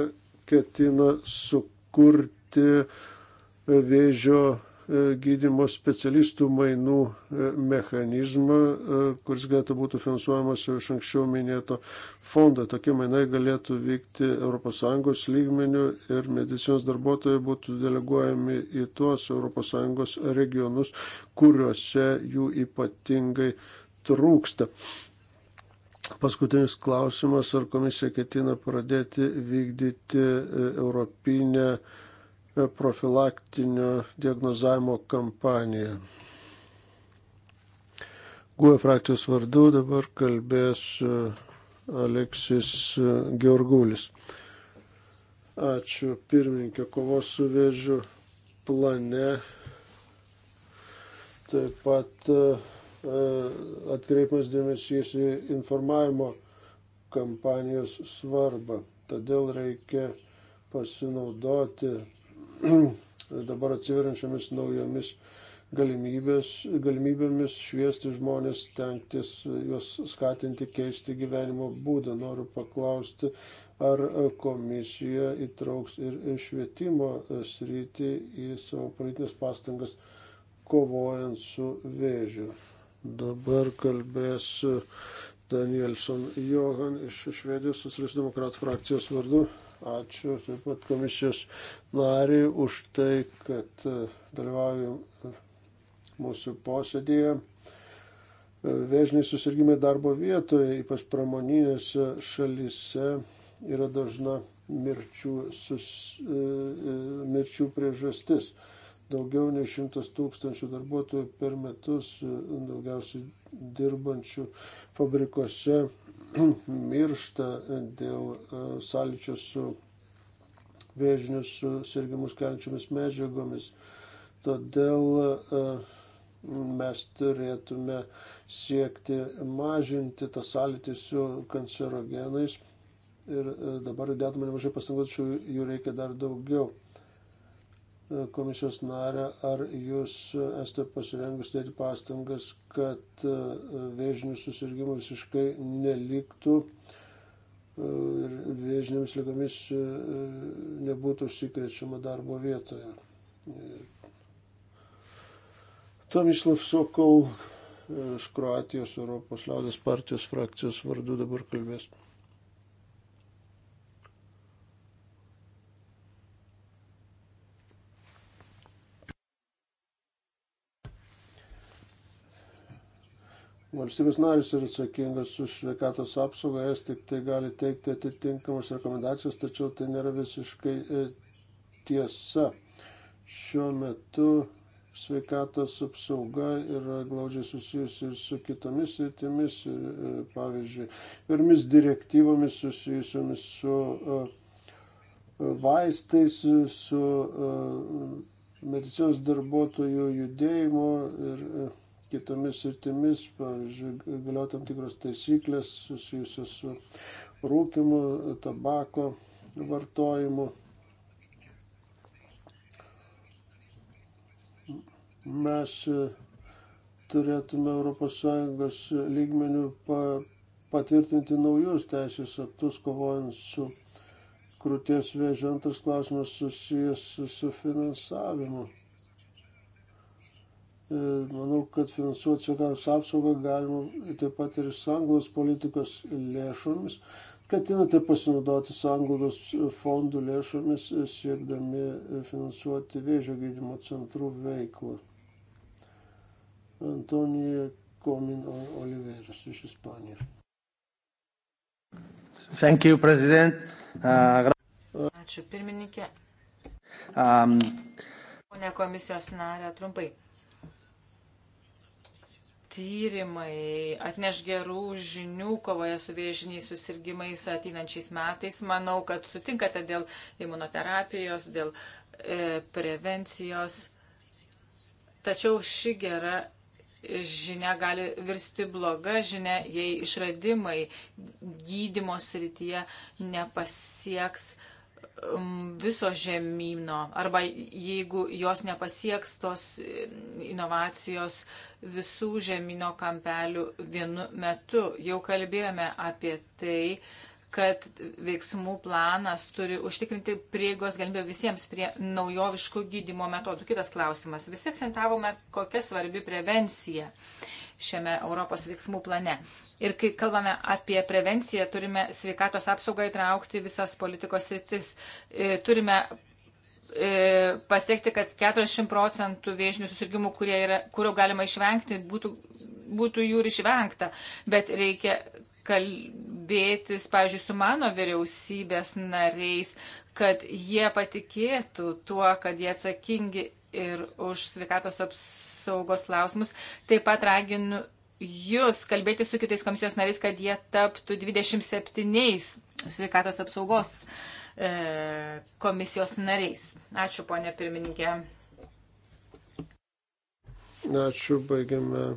ketina su kurti vėžio e, gydimo specialistų mainų e, mechanizmą, e, kuris galėtų būti finansuojamas jau iš anksčiau minėto fondo. Tokie mainai galėtų vykti ES lygmenių ir medicinos darbuotojai būtų deleguojami į tuos ES regionus, kuriuose jų ypatingai trūksta. Paskutinis klausimas, ar komisija ketina pradėti vykdyti e, Europinę e, profilaktinio diagnozavimo kampaniją. GUE frakcijos vardu dabar kalbės e, Aleksis Georgulis. Ačiū pirmininkė, kovos su vėžiu plane. Taip pat uh, E, atkreipimas dėmesys į informavimo kampanijos svarbą. Todėl reikia pasinaudoti dabar atsiveriančiomis naujomis galimybėmis šviesti žmonės, tenktis juos skatinti keisti gyvenimo būdą. Noriu paklausti, ar komisija įtrauks ir švietimo sritį į savo politinės pastangas kovojant su vėžiu. Dabar kalbės Danielson Johan iš Švedijos socialistų demokratų frakcijos vardu. Ačiū taip pat komisijos nariai už tai, kad e, dalyvauju mūsų posėdėje. E, vėžiniai susirgymai darbo vietoje, ypač pramoninėse šalyse, yra dažna mirčių, sus, e, mirčių priežastis daugiau nei šimtas tūkstančių darbuotojų per metus, e, daugiausiai dirbančių fabrikuose, miršta dėl e, sąlyčio su vėžinius sirgimus keliančiomis medžiagomis. Todėl e, mes turėtume siekti mažinti tą sąlytį su kancerogenais. Ir dabar dedama nemažai pastangų, tačiau jų reikia dar daugiau komisijos narę, ar jūs esate pasirengus dėti pastangas, kad e, vėžinių susirgymų visiškai neliktų e, ir vėžinėmis lygomis e, nebūtų užsikrečiama darbo vietoje. Tomislav Sokol iš Kroatijos Europos liaudės partijos frakcijos vardu dabar kalbės. Valstybės narys yra atsakingas už sveikatos apsaugą, jas tik tai gali teikti atitinkamas rekomendacijas, tačiau tai nėra visiškai e, tiesa. Šiuo metu sveikatos apsauga yra glaudžiai susijusi ir su kitomis rytimis, e, e, pavyzdžiui, pirmis direktyvomis susijusiomis su vaistais, su medicinos darbuotojų judėjimo ir kitomis sritimis, pavyzdžiui, galioja tam tikros taisyklės susijusios su rūkimu, tabako vartojimu. Mes turėtume ES lygmenių pa, patvirtinti naujus teisės aktus kovojant su krūties vėžiu. Antras klausimas susijęs su finansavimu. E, manau, kad finansuoti sveikatos apsaugą galima taip pat ir iš sąjungos politikos lėšomis. Ketinate pasinaudoti sąjungos fondų lėšomis, e, siekdami e, finansuoti vėžio gydymo centrų veiklą. Antonija Komin Oliveras iš Ispanijos. Thank you, President. Uh, Ačiū, pirmininkė. Um, Pone komisijos narė, trumpai tyrimai atneš gerų žinių kovoje su vėžiniais susirgymais ateinančiais metais. Manau, kad sutinkate dėl imunoterapijos, dėl e, prevencijos. Tačiau ši gera žinia gali virsti bloga žinia, jei išradimai gydimo srityje nepasieks uh, Um, viso žemyno arba jeigu jos nepasieks tos um, inovacijos visų žemyno kampelių vienu metu. Jau kalbėjome apie tai, kad veiksmų planas turi užtikrinti prieigos galimybę visiems prie naujoviškų gydimo metodų. Kitas klausimas. Visi akcentavome, kokia svarbi prevencija šiame Europos veiksmų plane. Ir kai kalbame apie prevenciją, turime sveikatos apsaugą įtraukti visas politikos rytis. E, turime e, pasiekti, kad 40 procentų vėžinių susirgymų, yra, kurio galima išvengti, būtų, būtų jų ir išvengta. Bet reikia kalbėtis, pavyzdžiui, su mano vyriausybės nariais, kad jie patikėtų tuo, kad jie atsakingi ir už sveikatos apsaugą apsaugos klausimus. Taip pat raginu jūs kalbėti su kitais komisijos nariais, kad jie taptų 27 sveikatos apsaugos e, komisijos nariais. Ačiū, ponė pirmininkė. Ačiū, baigiame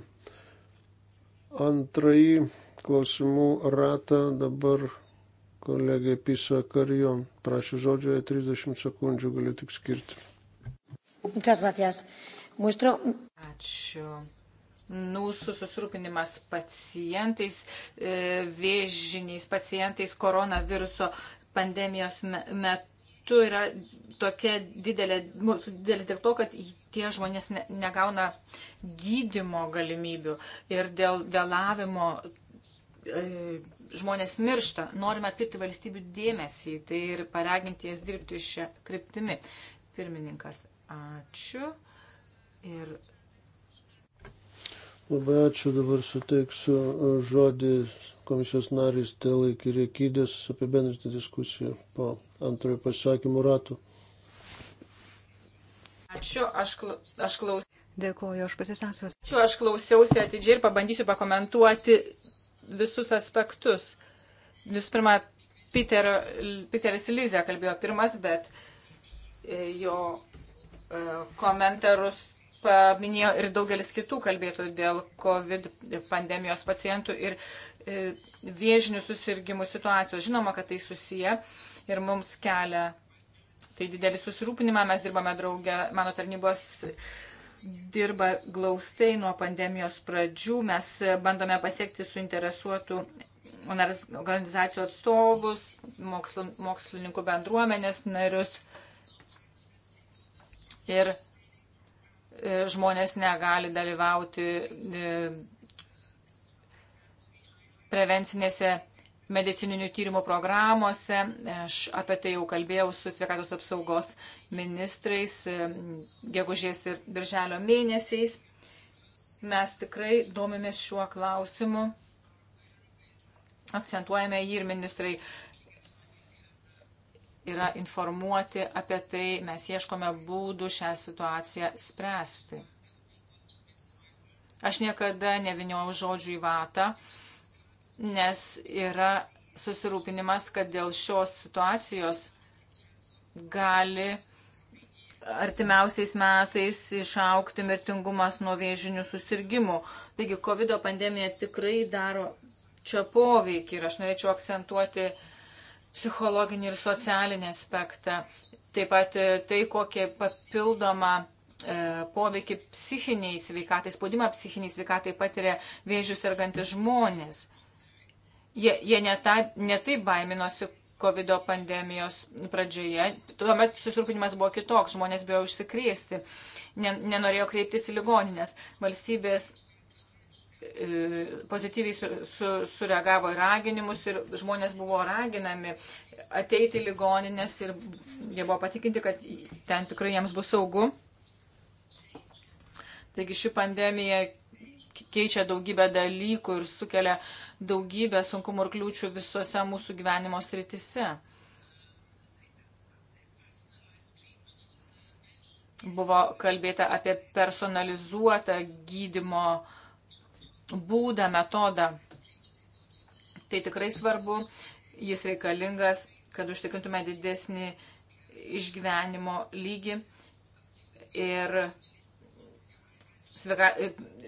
antrąjį klausimų ratą dabar kolegė Pisa Karijon. Prašau žodžio, 30 sekundžių galiu tik skirti. Muchas gracias. Muestro Ačiū. Mūsų susirūpinimas pacientais, e, vėžiniais pacientais koronaviruso pandemijos metu yra tokia didelė, mūsų nu, didelis dėl to, kad tie žmonės negauna gydimo galimybių ir dėl vėlavimo e, žmonės miršta. Norime atkreipti valstybių dėmesį tai ir paraginti jas dirbti šią kryptimį. Pirmininkas, ačiū. Ir Labai ačiū, dabar suteiksiu e, žodį komisijos narys Telai Kirikydės apibendrinti diskusiją po antrojo pasisakymų ratų. Ačiū, aš, kla aš klausiausi. Dėkuoju, aš pasisakosiu. Ačiū, aš klausiausi atidžiai ir pabandysiu pakomentuoti visus aspektus. Visų pirma, Peter, Peteris Lyzė kalbėjo pirmas, bet e, jo e, komentarus paminėjo ir daugelis kitų kalbėtų dėl COVID pandemijos pacientų ir e, viežinių susirgymų situacijos. Žinoma, kad tai susiję ir mums kelia tai didelį susirūpinimą. Mes dirbame draugę, mano tarnybos dirba glaustai nuo pandemijos pradžių. Mes bandome pasiekti suinteresuotų organizacijų atstovus, mokslininkų bendruomenės narius. Ir E, žmonės negali dalyvauti e, prevencinėse medicininių tyrimų programuose. Aš apie tai jau kalbėjau su sveikatos apsaugos ministrais e, gegužės ir birželio mėnesiais. Mes tikrai domimės šiuo klausimu, akcentuojame jį ir ministrai yra informuoti apie tai, mes ieškome būdų šią situaciją spręsti. Aš niekada neviniojau žodžių į vatą, nes yra susirūpinimas, kad dėl šios situacijos gali artimiausiais metais išaukti mirtingumas nuo vėžinių susirgymų. Taigi, COVID pandemija tikrai daro čia poveikį ir aš norėčiau akcentuoti uh, psichologinį ir socialinį aspektą, taip pat e, tai, kokie papildomą e, poveikį psichiniai sveikatai, spaudimą psichiniai sveikatai patiria vėžius sergantis žmonės. Jie, jie netaip netai baiminosi COVID pandemijos pradžioje, tuomet susirūpinimas buvo kitoks, žmonės bijo užsikrėsti, nenorėjo kreiptis į ligoninės. Valstybės E, pozityviai su, su, sureagavo į raginimus ir žmonės buvo raginami ateiti į ligoninės ir jie buvo patikinti, kad ten tikrai jiems bus saugu. Taigi ši pandemija keičia daugybę dalykų ir sukelia daugybę sunkumų ir kliūčių visose mūsų gyvenimo sritise. Buvo kalbėta apie personalizuotą gydimo uh, būdą, metodą. Tai tikrai svarbu, jis reikalingas, kad užtikrintume didesnį išgyvenimo lygį ir sveika,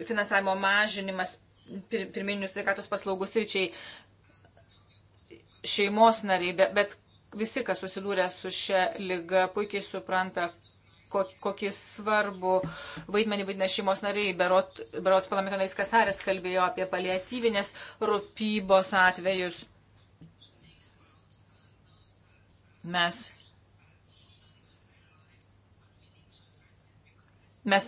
finansavimo mažinimas pir, pirminių sveikatos paslaugų sričiai šeimos nariai, bet, bet visi, kas susidūrė su šia lyga, puikiai supranta, kokį svarbų vaidmenį vaidina šeimos nariai. Berot, berots parlamentarais Kasarės kalbėjo apie paliatyvinės rūpybos atvejus. Mes, mes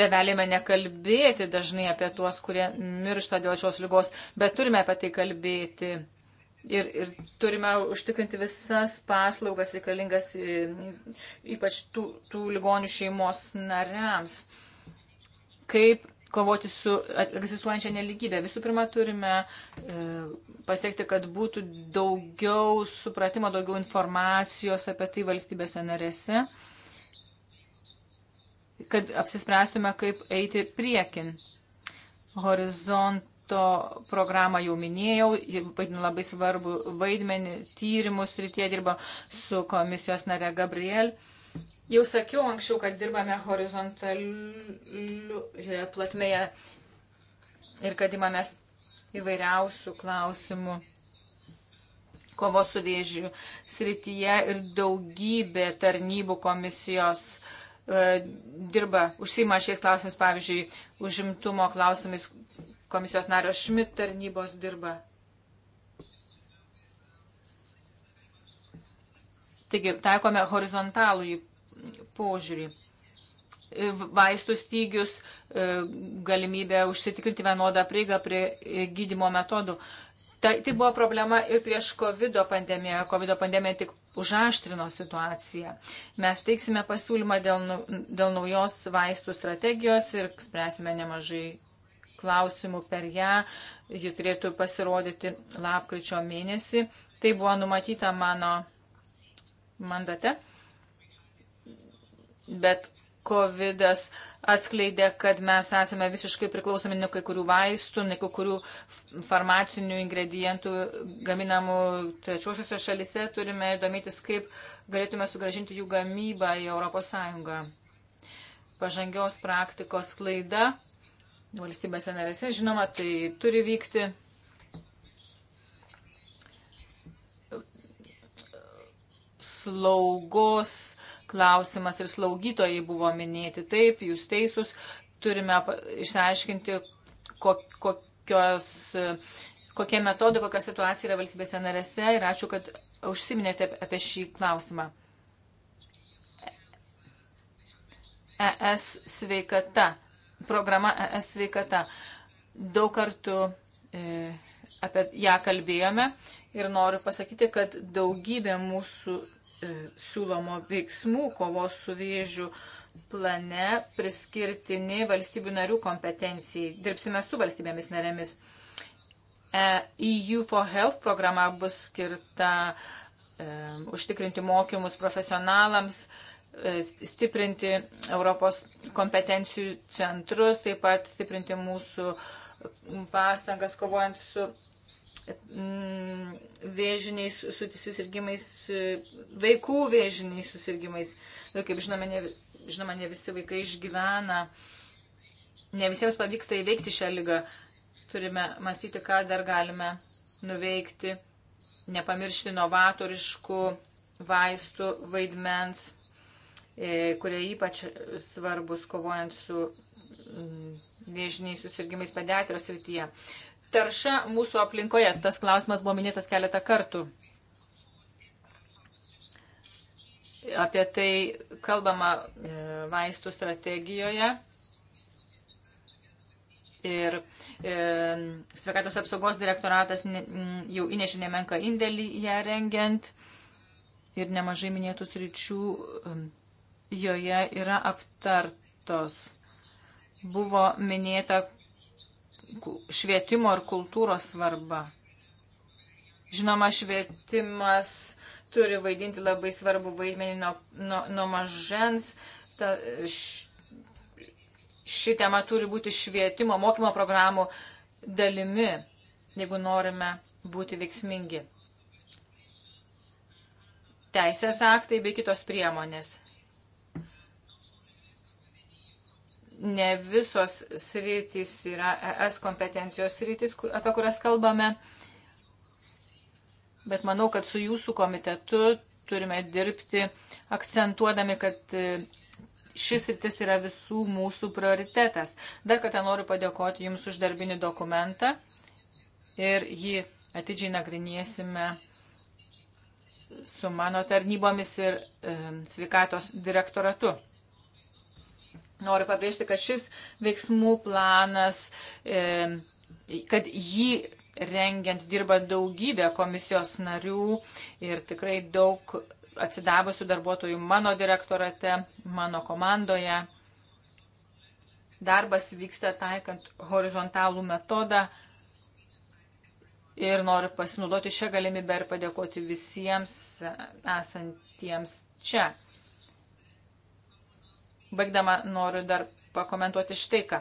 bevelėme nekalbėti dažnai apie tuos, kurie miršta dėl šios lygos, bet turime apie tai kalbėti Ir, ir turime užtikrinti visas paslaugas reikalingas e, ypač tų, tų ligonių šeimos nariams. Kaip kovoti su egzistuojančia neligybė. Visų pirma, turime e, pasiekti, kad būtų daugiau supratimo, daugiau informacijos apie tai valstybėse narėse, kad apsispręstume, kaip eiti priekin. Horizont to programą jau minėjau, ji vaidina labai svarbu vaidmenį tyrimus rytie dirba su komisijos nare Gabriel. Jau sakiau anksčiau, kad dirbame horizontalioje platmėje ir kad įmamės įvairiausių klausimų kovos su vėžiu srityje ir daugybė tarnybų komisijos e, dirba, užsima šiais klausimais, pavyzdžiui, užimtumo klausimais, komisijos nario Šmit tarnybos dirba. Taigi, taikome horizontalų požiūrį. E, vaistų stygius, e, galimybė užsitikrinti vienodą prieigą prie e, gydimo metodų. Tai, tai buvo problema ir prieš COVID pandemiją. COVID pandemija tik užaštrino situaciją. Mes teiksime pasiūlymą dėl, nu, dėl naujos vaistų strategijos ir spręsime nemažai klausimų per ją. Ji turėtų pasirodyti lapkričio mėnesį. Tai buvo numatyta mano mandate. Bet COVID atskleidė, kad mes esame visiškai priklausomi nuo kai kurių vaistų, nuo kai kurių farmacinių ingredientų gaminamų trečiosiuose šalise. Turime domėtis, kaip galėtume sugražinti jų gamybą į ES. Pažangios praktikos klaida valstybėse narėse. Žinoma, tai turi vykti. Slaugos klausimas ir slaugytojai buvo minėti. Taip, jūs teisus, turime išsiaiškinti, kokios, kokie metodai, kokia situacija yra valstybėse narėse ir ačiū, kad užsiminėte apie šį klausimą. ES e sveikata programa ES sveikata. Daug kartų e, apie ją kalbėjome ir noriu pasakyti, kad daugybė mūsų e, siūlomo veiksmų kovos su vėžiu plane priskirtini valstybių narių kompetencijai. Dirbsime su valstybėmis narėmis. EU e for Health programa bus skirta e, užtikrinti mokymus profesionalams, E, stiprinti Europos kompetencijų centrus, taip pat stiprinti mūsų pastangas kovojant su mm, vėžiniais susirgymais, e, vaikų vėžiniais susirgymais. Ir kaip žinome ne, žinoma, ne visi vaikai išgyvena, ne visiems pavyksta įveikti šią lygą. Turime mąstyti, ką dar galime nuveikti, nepamiršti novatoriškų vaistų vaidmens E, kurie ypač svarbus kovojant su viežiniais mm, susirgymais pediatrijos srityje. Tarša mūsų aplinkoje, tas klausimas buvo minėtas keletą kartų. Apie tai kalbama e, vaistų strategijoje ir e, sveikatos apsaugos direktoratas jau įnešė nemenka indėlį ją rengiant ir nemažai minėtų sričių joje yra aptartos. Buvo minėta švietimo ir kultūros svarba. Žinoma, švietimas turi vaidinti labai svarbu vaidmenį nuo, nuo, nuo mažens. Ta, š, ši tema turi būti švietimo, mokymo programų dalimi, jeigu norime būti veiksmingi. Teisės aktai bei kitos priemonės. ne visos sritys yra ES kompetencijos sritys, apie kurias kalbame. Bet manau, kad su jūsų komitetu turime dirbti, akcentuodami, kad e, šis rytis yra visų mūsų prioritetas. Dar kartą noriu padėkoti Jums už darbinį dokumentą ir jį atidžiai nagrinėsime su mano tarnybomis ir e, sveikatos direktoratu. Noriu pabrėžti, kad šis veiksmų planas, e, kad jį rengiant dirba daugybė komisijos narių ir tikrai daug atsidavusių darbuotojų mano direktorate, mano komandoje. Darbas vyksta taikant horizontalų metodą ir noriu pasinaudoti šią galimybę ir padėkoti visiems esantiems čia. Baigdama noriu dar pakomentuoti štai ką.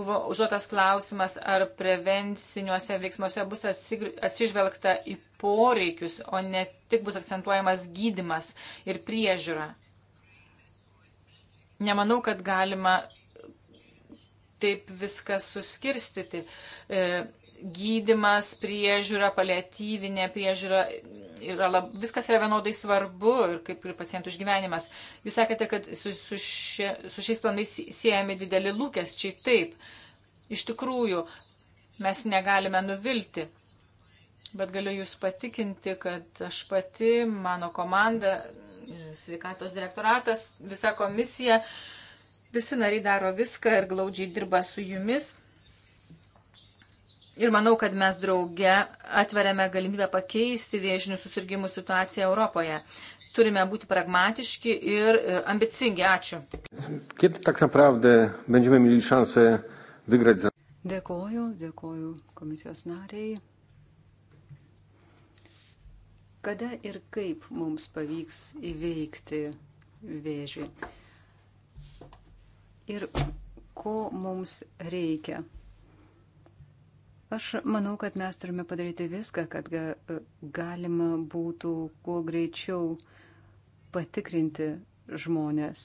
Buvo užduotas klausimas, ar prevenciniuose veiksmuose bus atsižvelgta į poreikius, o ne tik bus akcentuojamas gydimas ir priežiūra. Nemanau, kad galima taip viską suskirstyti. E, gydimas, priežiūra, paliatyvinė priežiūra yra lab, viskas yra vienodai svarbu, kaip ir pacientų išgyvenimas. Jūs sakėte, kad su, su, šie, su šiais planais siejami dideli lūkesčiai. Taip, iš tikrųjų, mes negalime nuvilti. Bet galiu Jūs patikinti, kad aš pati, mano komanda, sveikatos direktoratas, visa komisija, visi nariai daro viską ir glaudžiai dirba su Jumis Ir manau, kad mes drauge atveriame galimybę pakeisti vėžinių susirgymų situaciją Europoje. Turime būti pragmatiški ir e, ambicingi. Ačiū. Kaip tak naprawdę będziemy mieli szansę wygrać za... Dėkoju, dėkoju komisijos nariai. Kada ir kaip mums pavyks įveikti vėžį? Ir ko mums reikia? Aš manau, kad mes turime padaryti viską, kad e, galima būtų kuo greičiau patikrinti žmonės.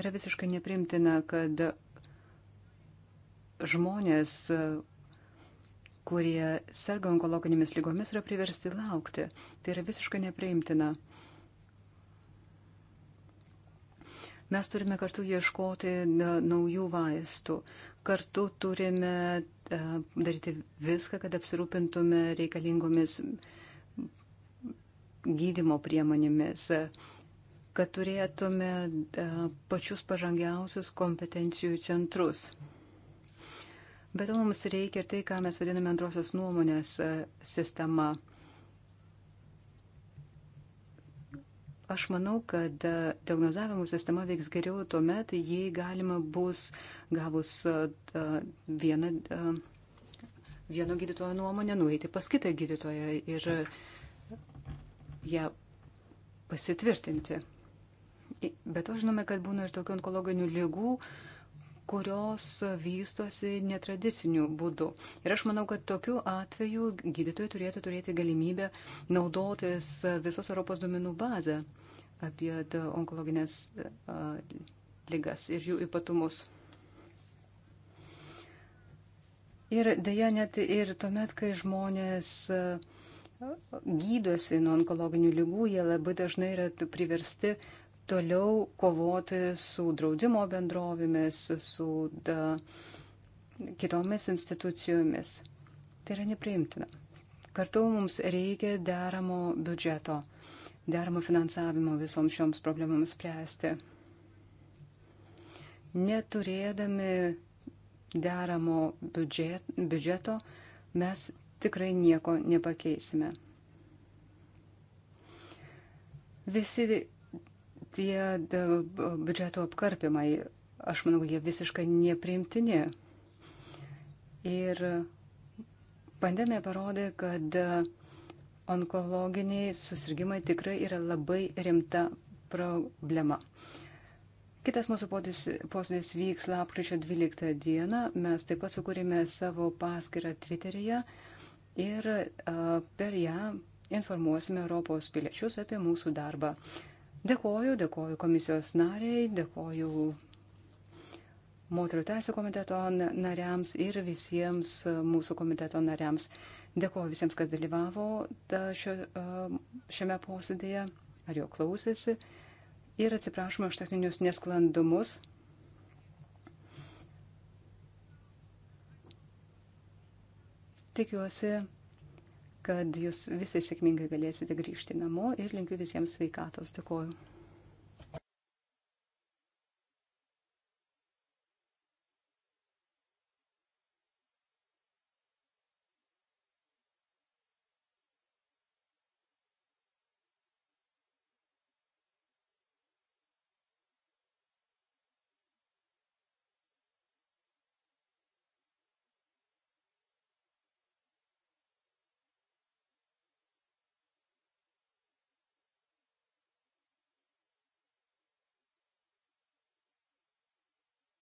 Yra visiškai neprimtina, kad žmonės, e, kurie serga onkologinėmis lygomis, yra priversti laukti. Tai yra visiškai neprimtina. Mes turime kartu ieškoti naujų vaistų, kartu turime E, daryti viską, kad apsirūpintume reikalingomis gydimo priemonėmis, kad turėtume e, pačius pažangiausius kompetencijų centrus. Bet mums reikia ir tai, ką mes vadiname antrosios nuomonės e, sistema. Aš manau, kad e, diagnozavimo sistema veiks geriau tuo met, jei galima bus gavus e, vieną, e, vieno gydytojo nuomonę nueiti pas kitą gydytoją ir ją pasitvirtinti. Bet to žinome, kad būna ir tokių onkologinių lygų, uh, kurios vystosi netradiciniu būdu. Ir aš manau, kad tokiu atveju gydytojai turėtų turėti galimybę naudotis visos Europos duomenų bazę apie onkologinės lygas ir jų ypatumus. Ir dėja net ir tuomet, kai žmonės gydosi nuo onkologinių lygų, jie labai dažnai yra priversti uh, toliau kovoti su draudimo bendrovėmis, su da, kitomis institucijomis. Tai yra nepriimtina. Kartu mums reikia deramo biudžeto, deramo finansavimo visoms šioms problemams spręsti. Neturėdami deramo biudžet, biudžeto mes tikrai nieko nepakeisime. Visi tie biudžeto apkarpimai, aš manau, jie visiškai nepriimtini. Ir pandemija parodė, kad onkologiniai susirgymai tikrai yra labai rimta problema. Kitas mūsų posėdis vyks lapkričio 12 dieną. Mes taip pat sukūrėme savo paskirą Twitteryje ir per ją informuosime Europos piliečius apie mūsų darbą. Dėkoju, dėkoju komisijos nariai, dėkoju moterų teisų komiteto nariams ir visiems e, mūsų komiteto nariams. Dėkoju visiems, kas dalyvavo šio, e, šiame posėdėje ar jo klausėsi. Ir atsiprašome už techninius nesklandumus. Tikiuosi, kad jūs visi sėkmingai galėsite grįžti namo ir linkiu visiems sveikatos. Dėkuoju.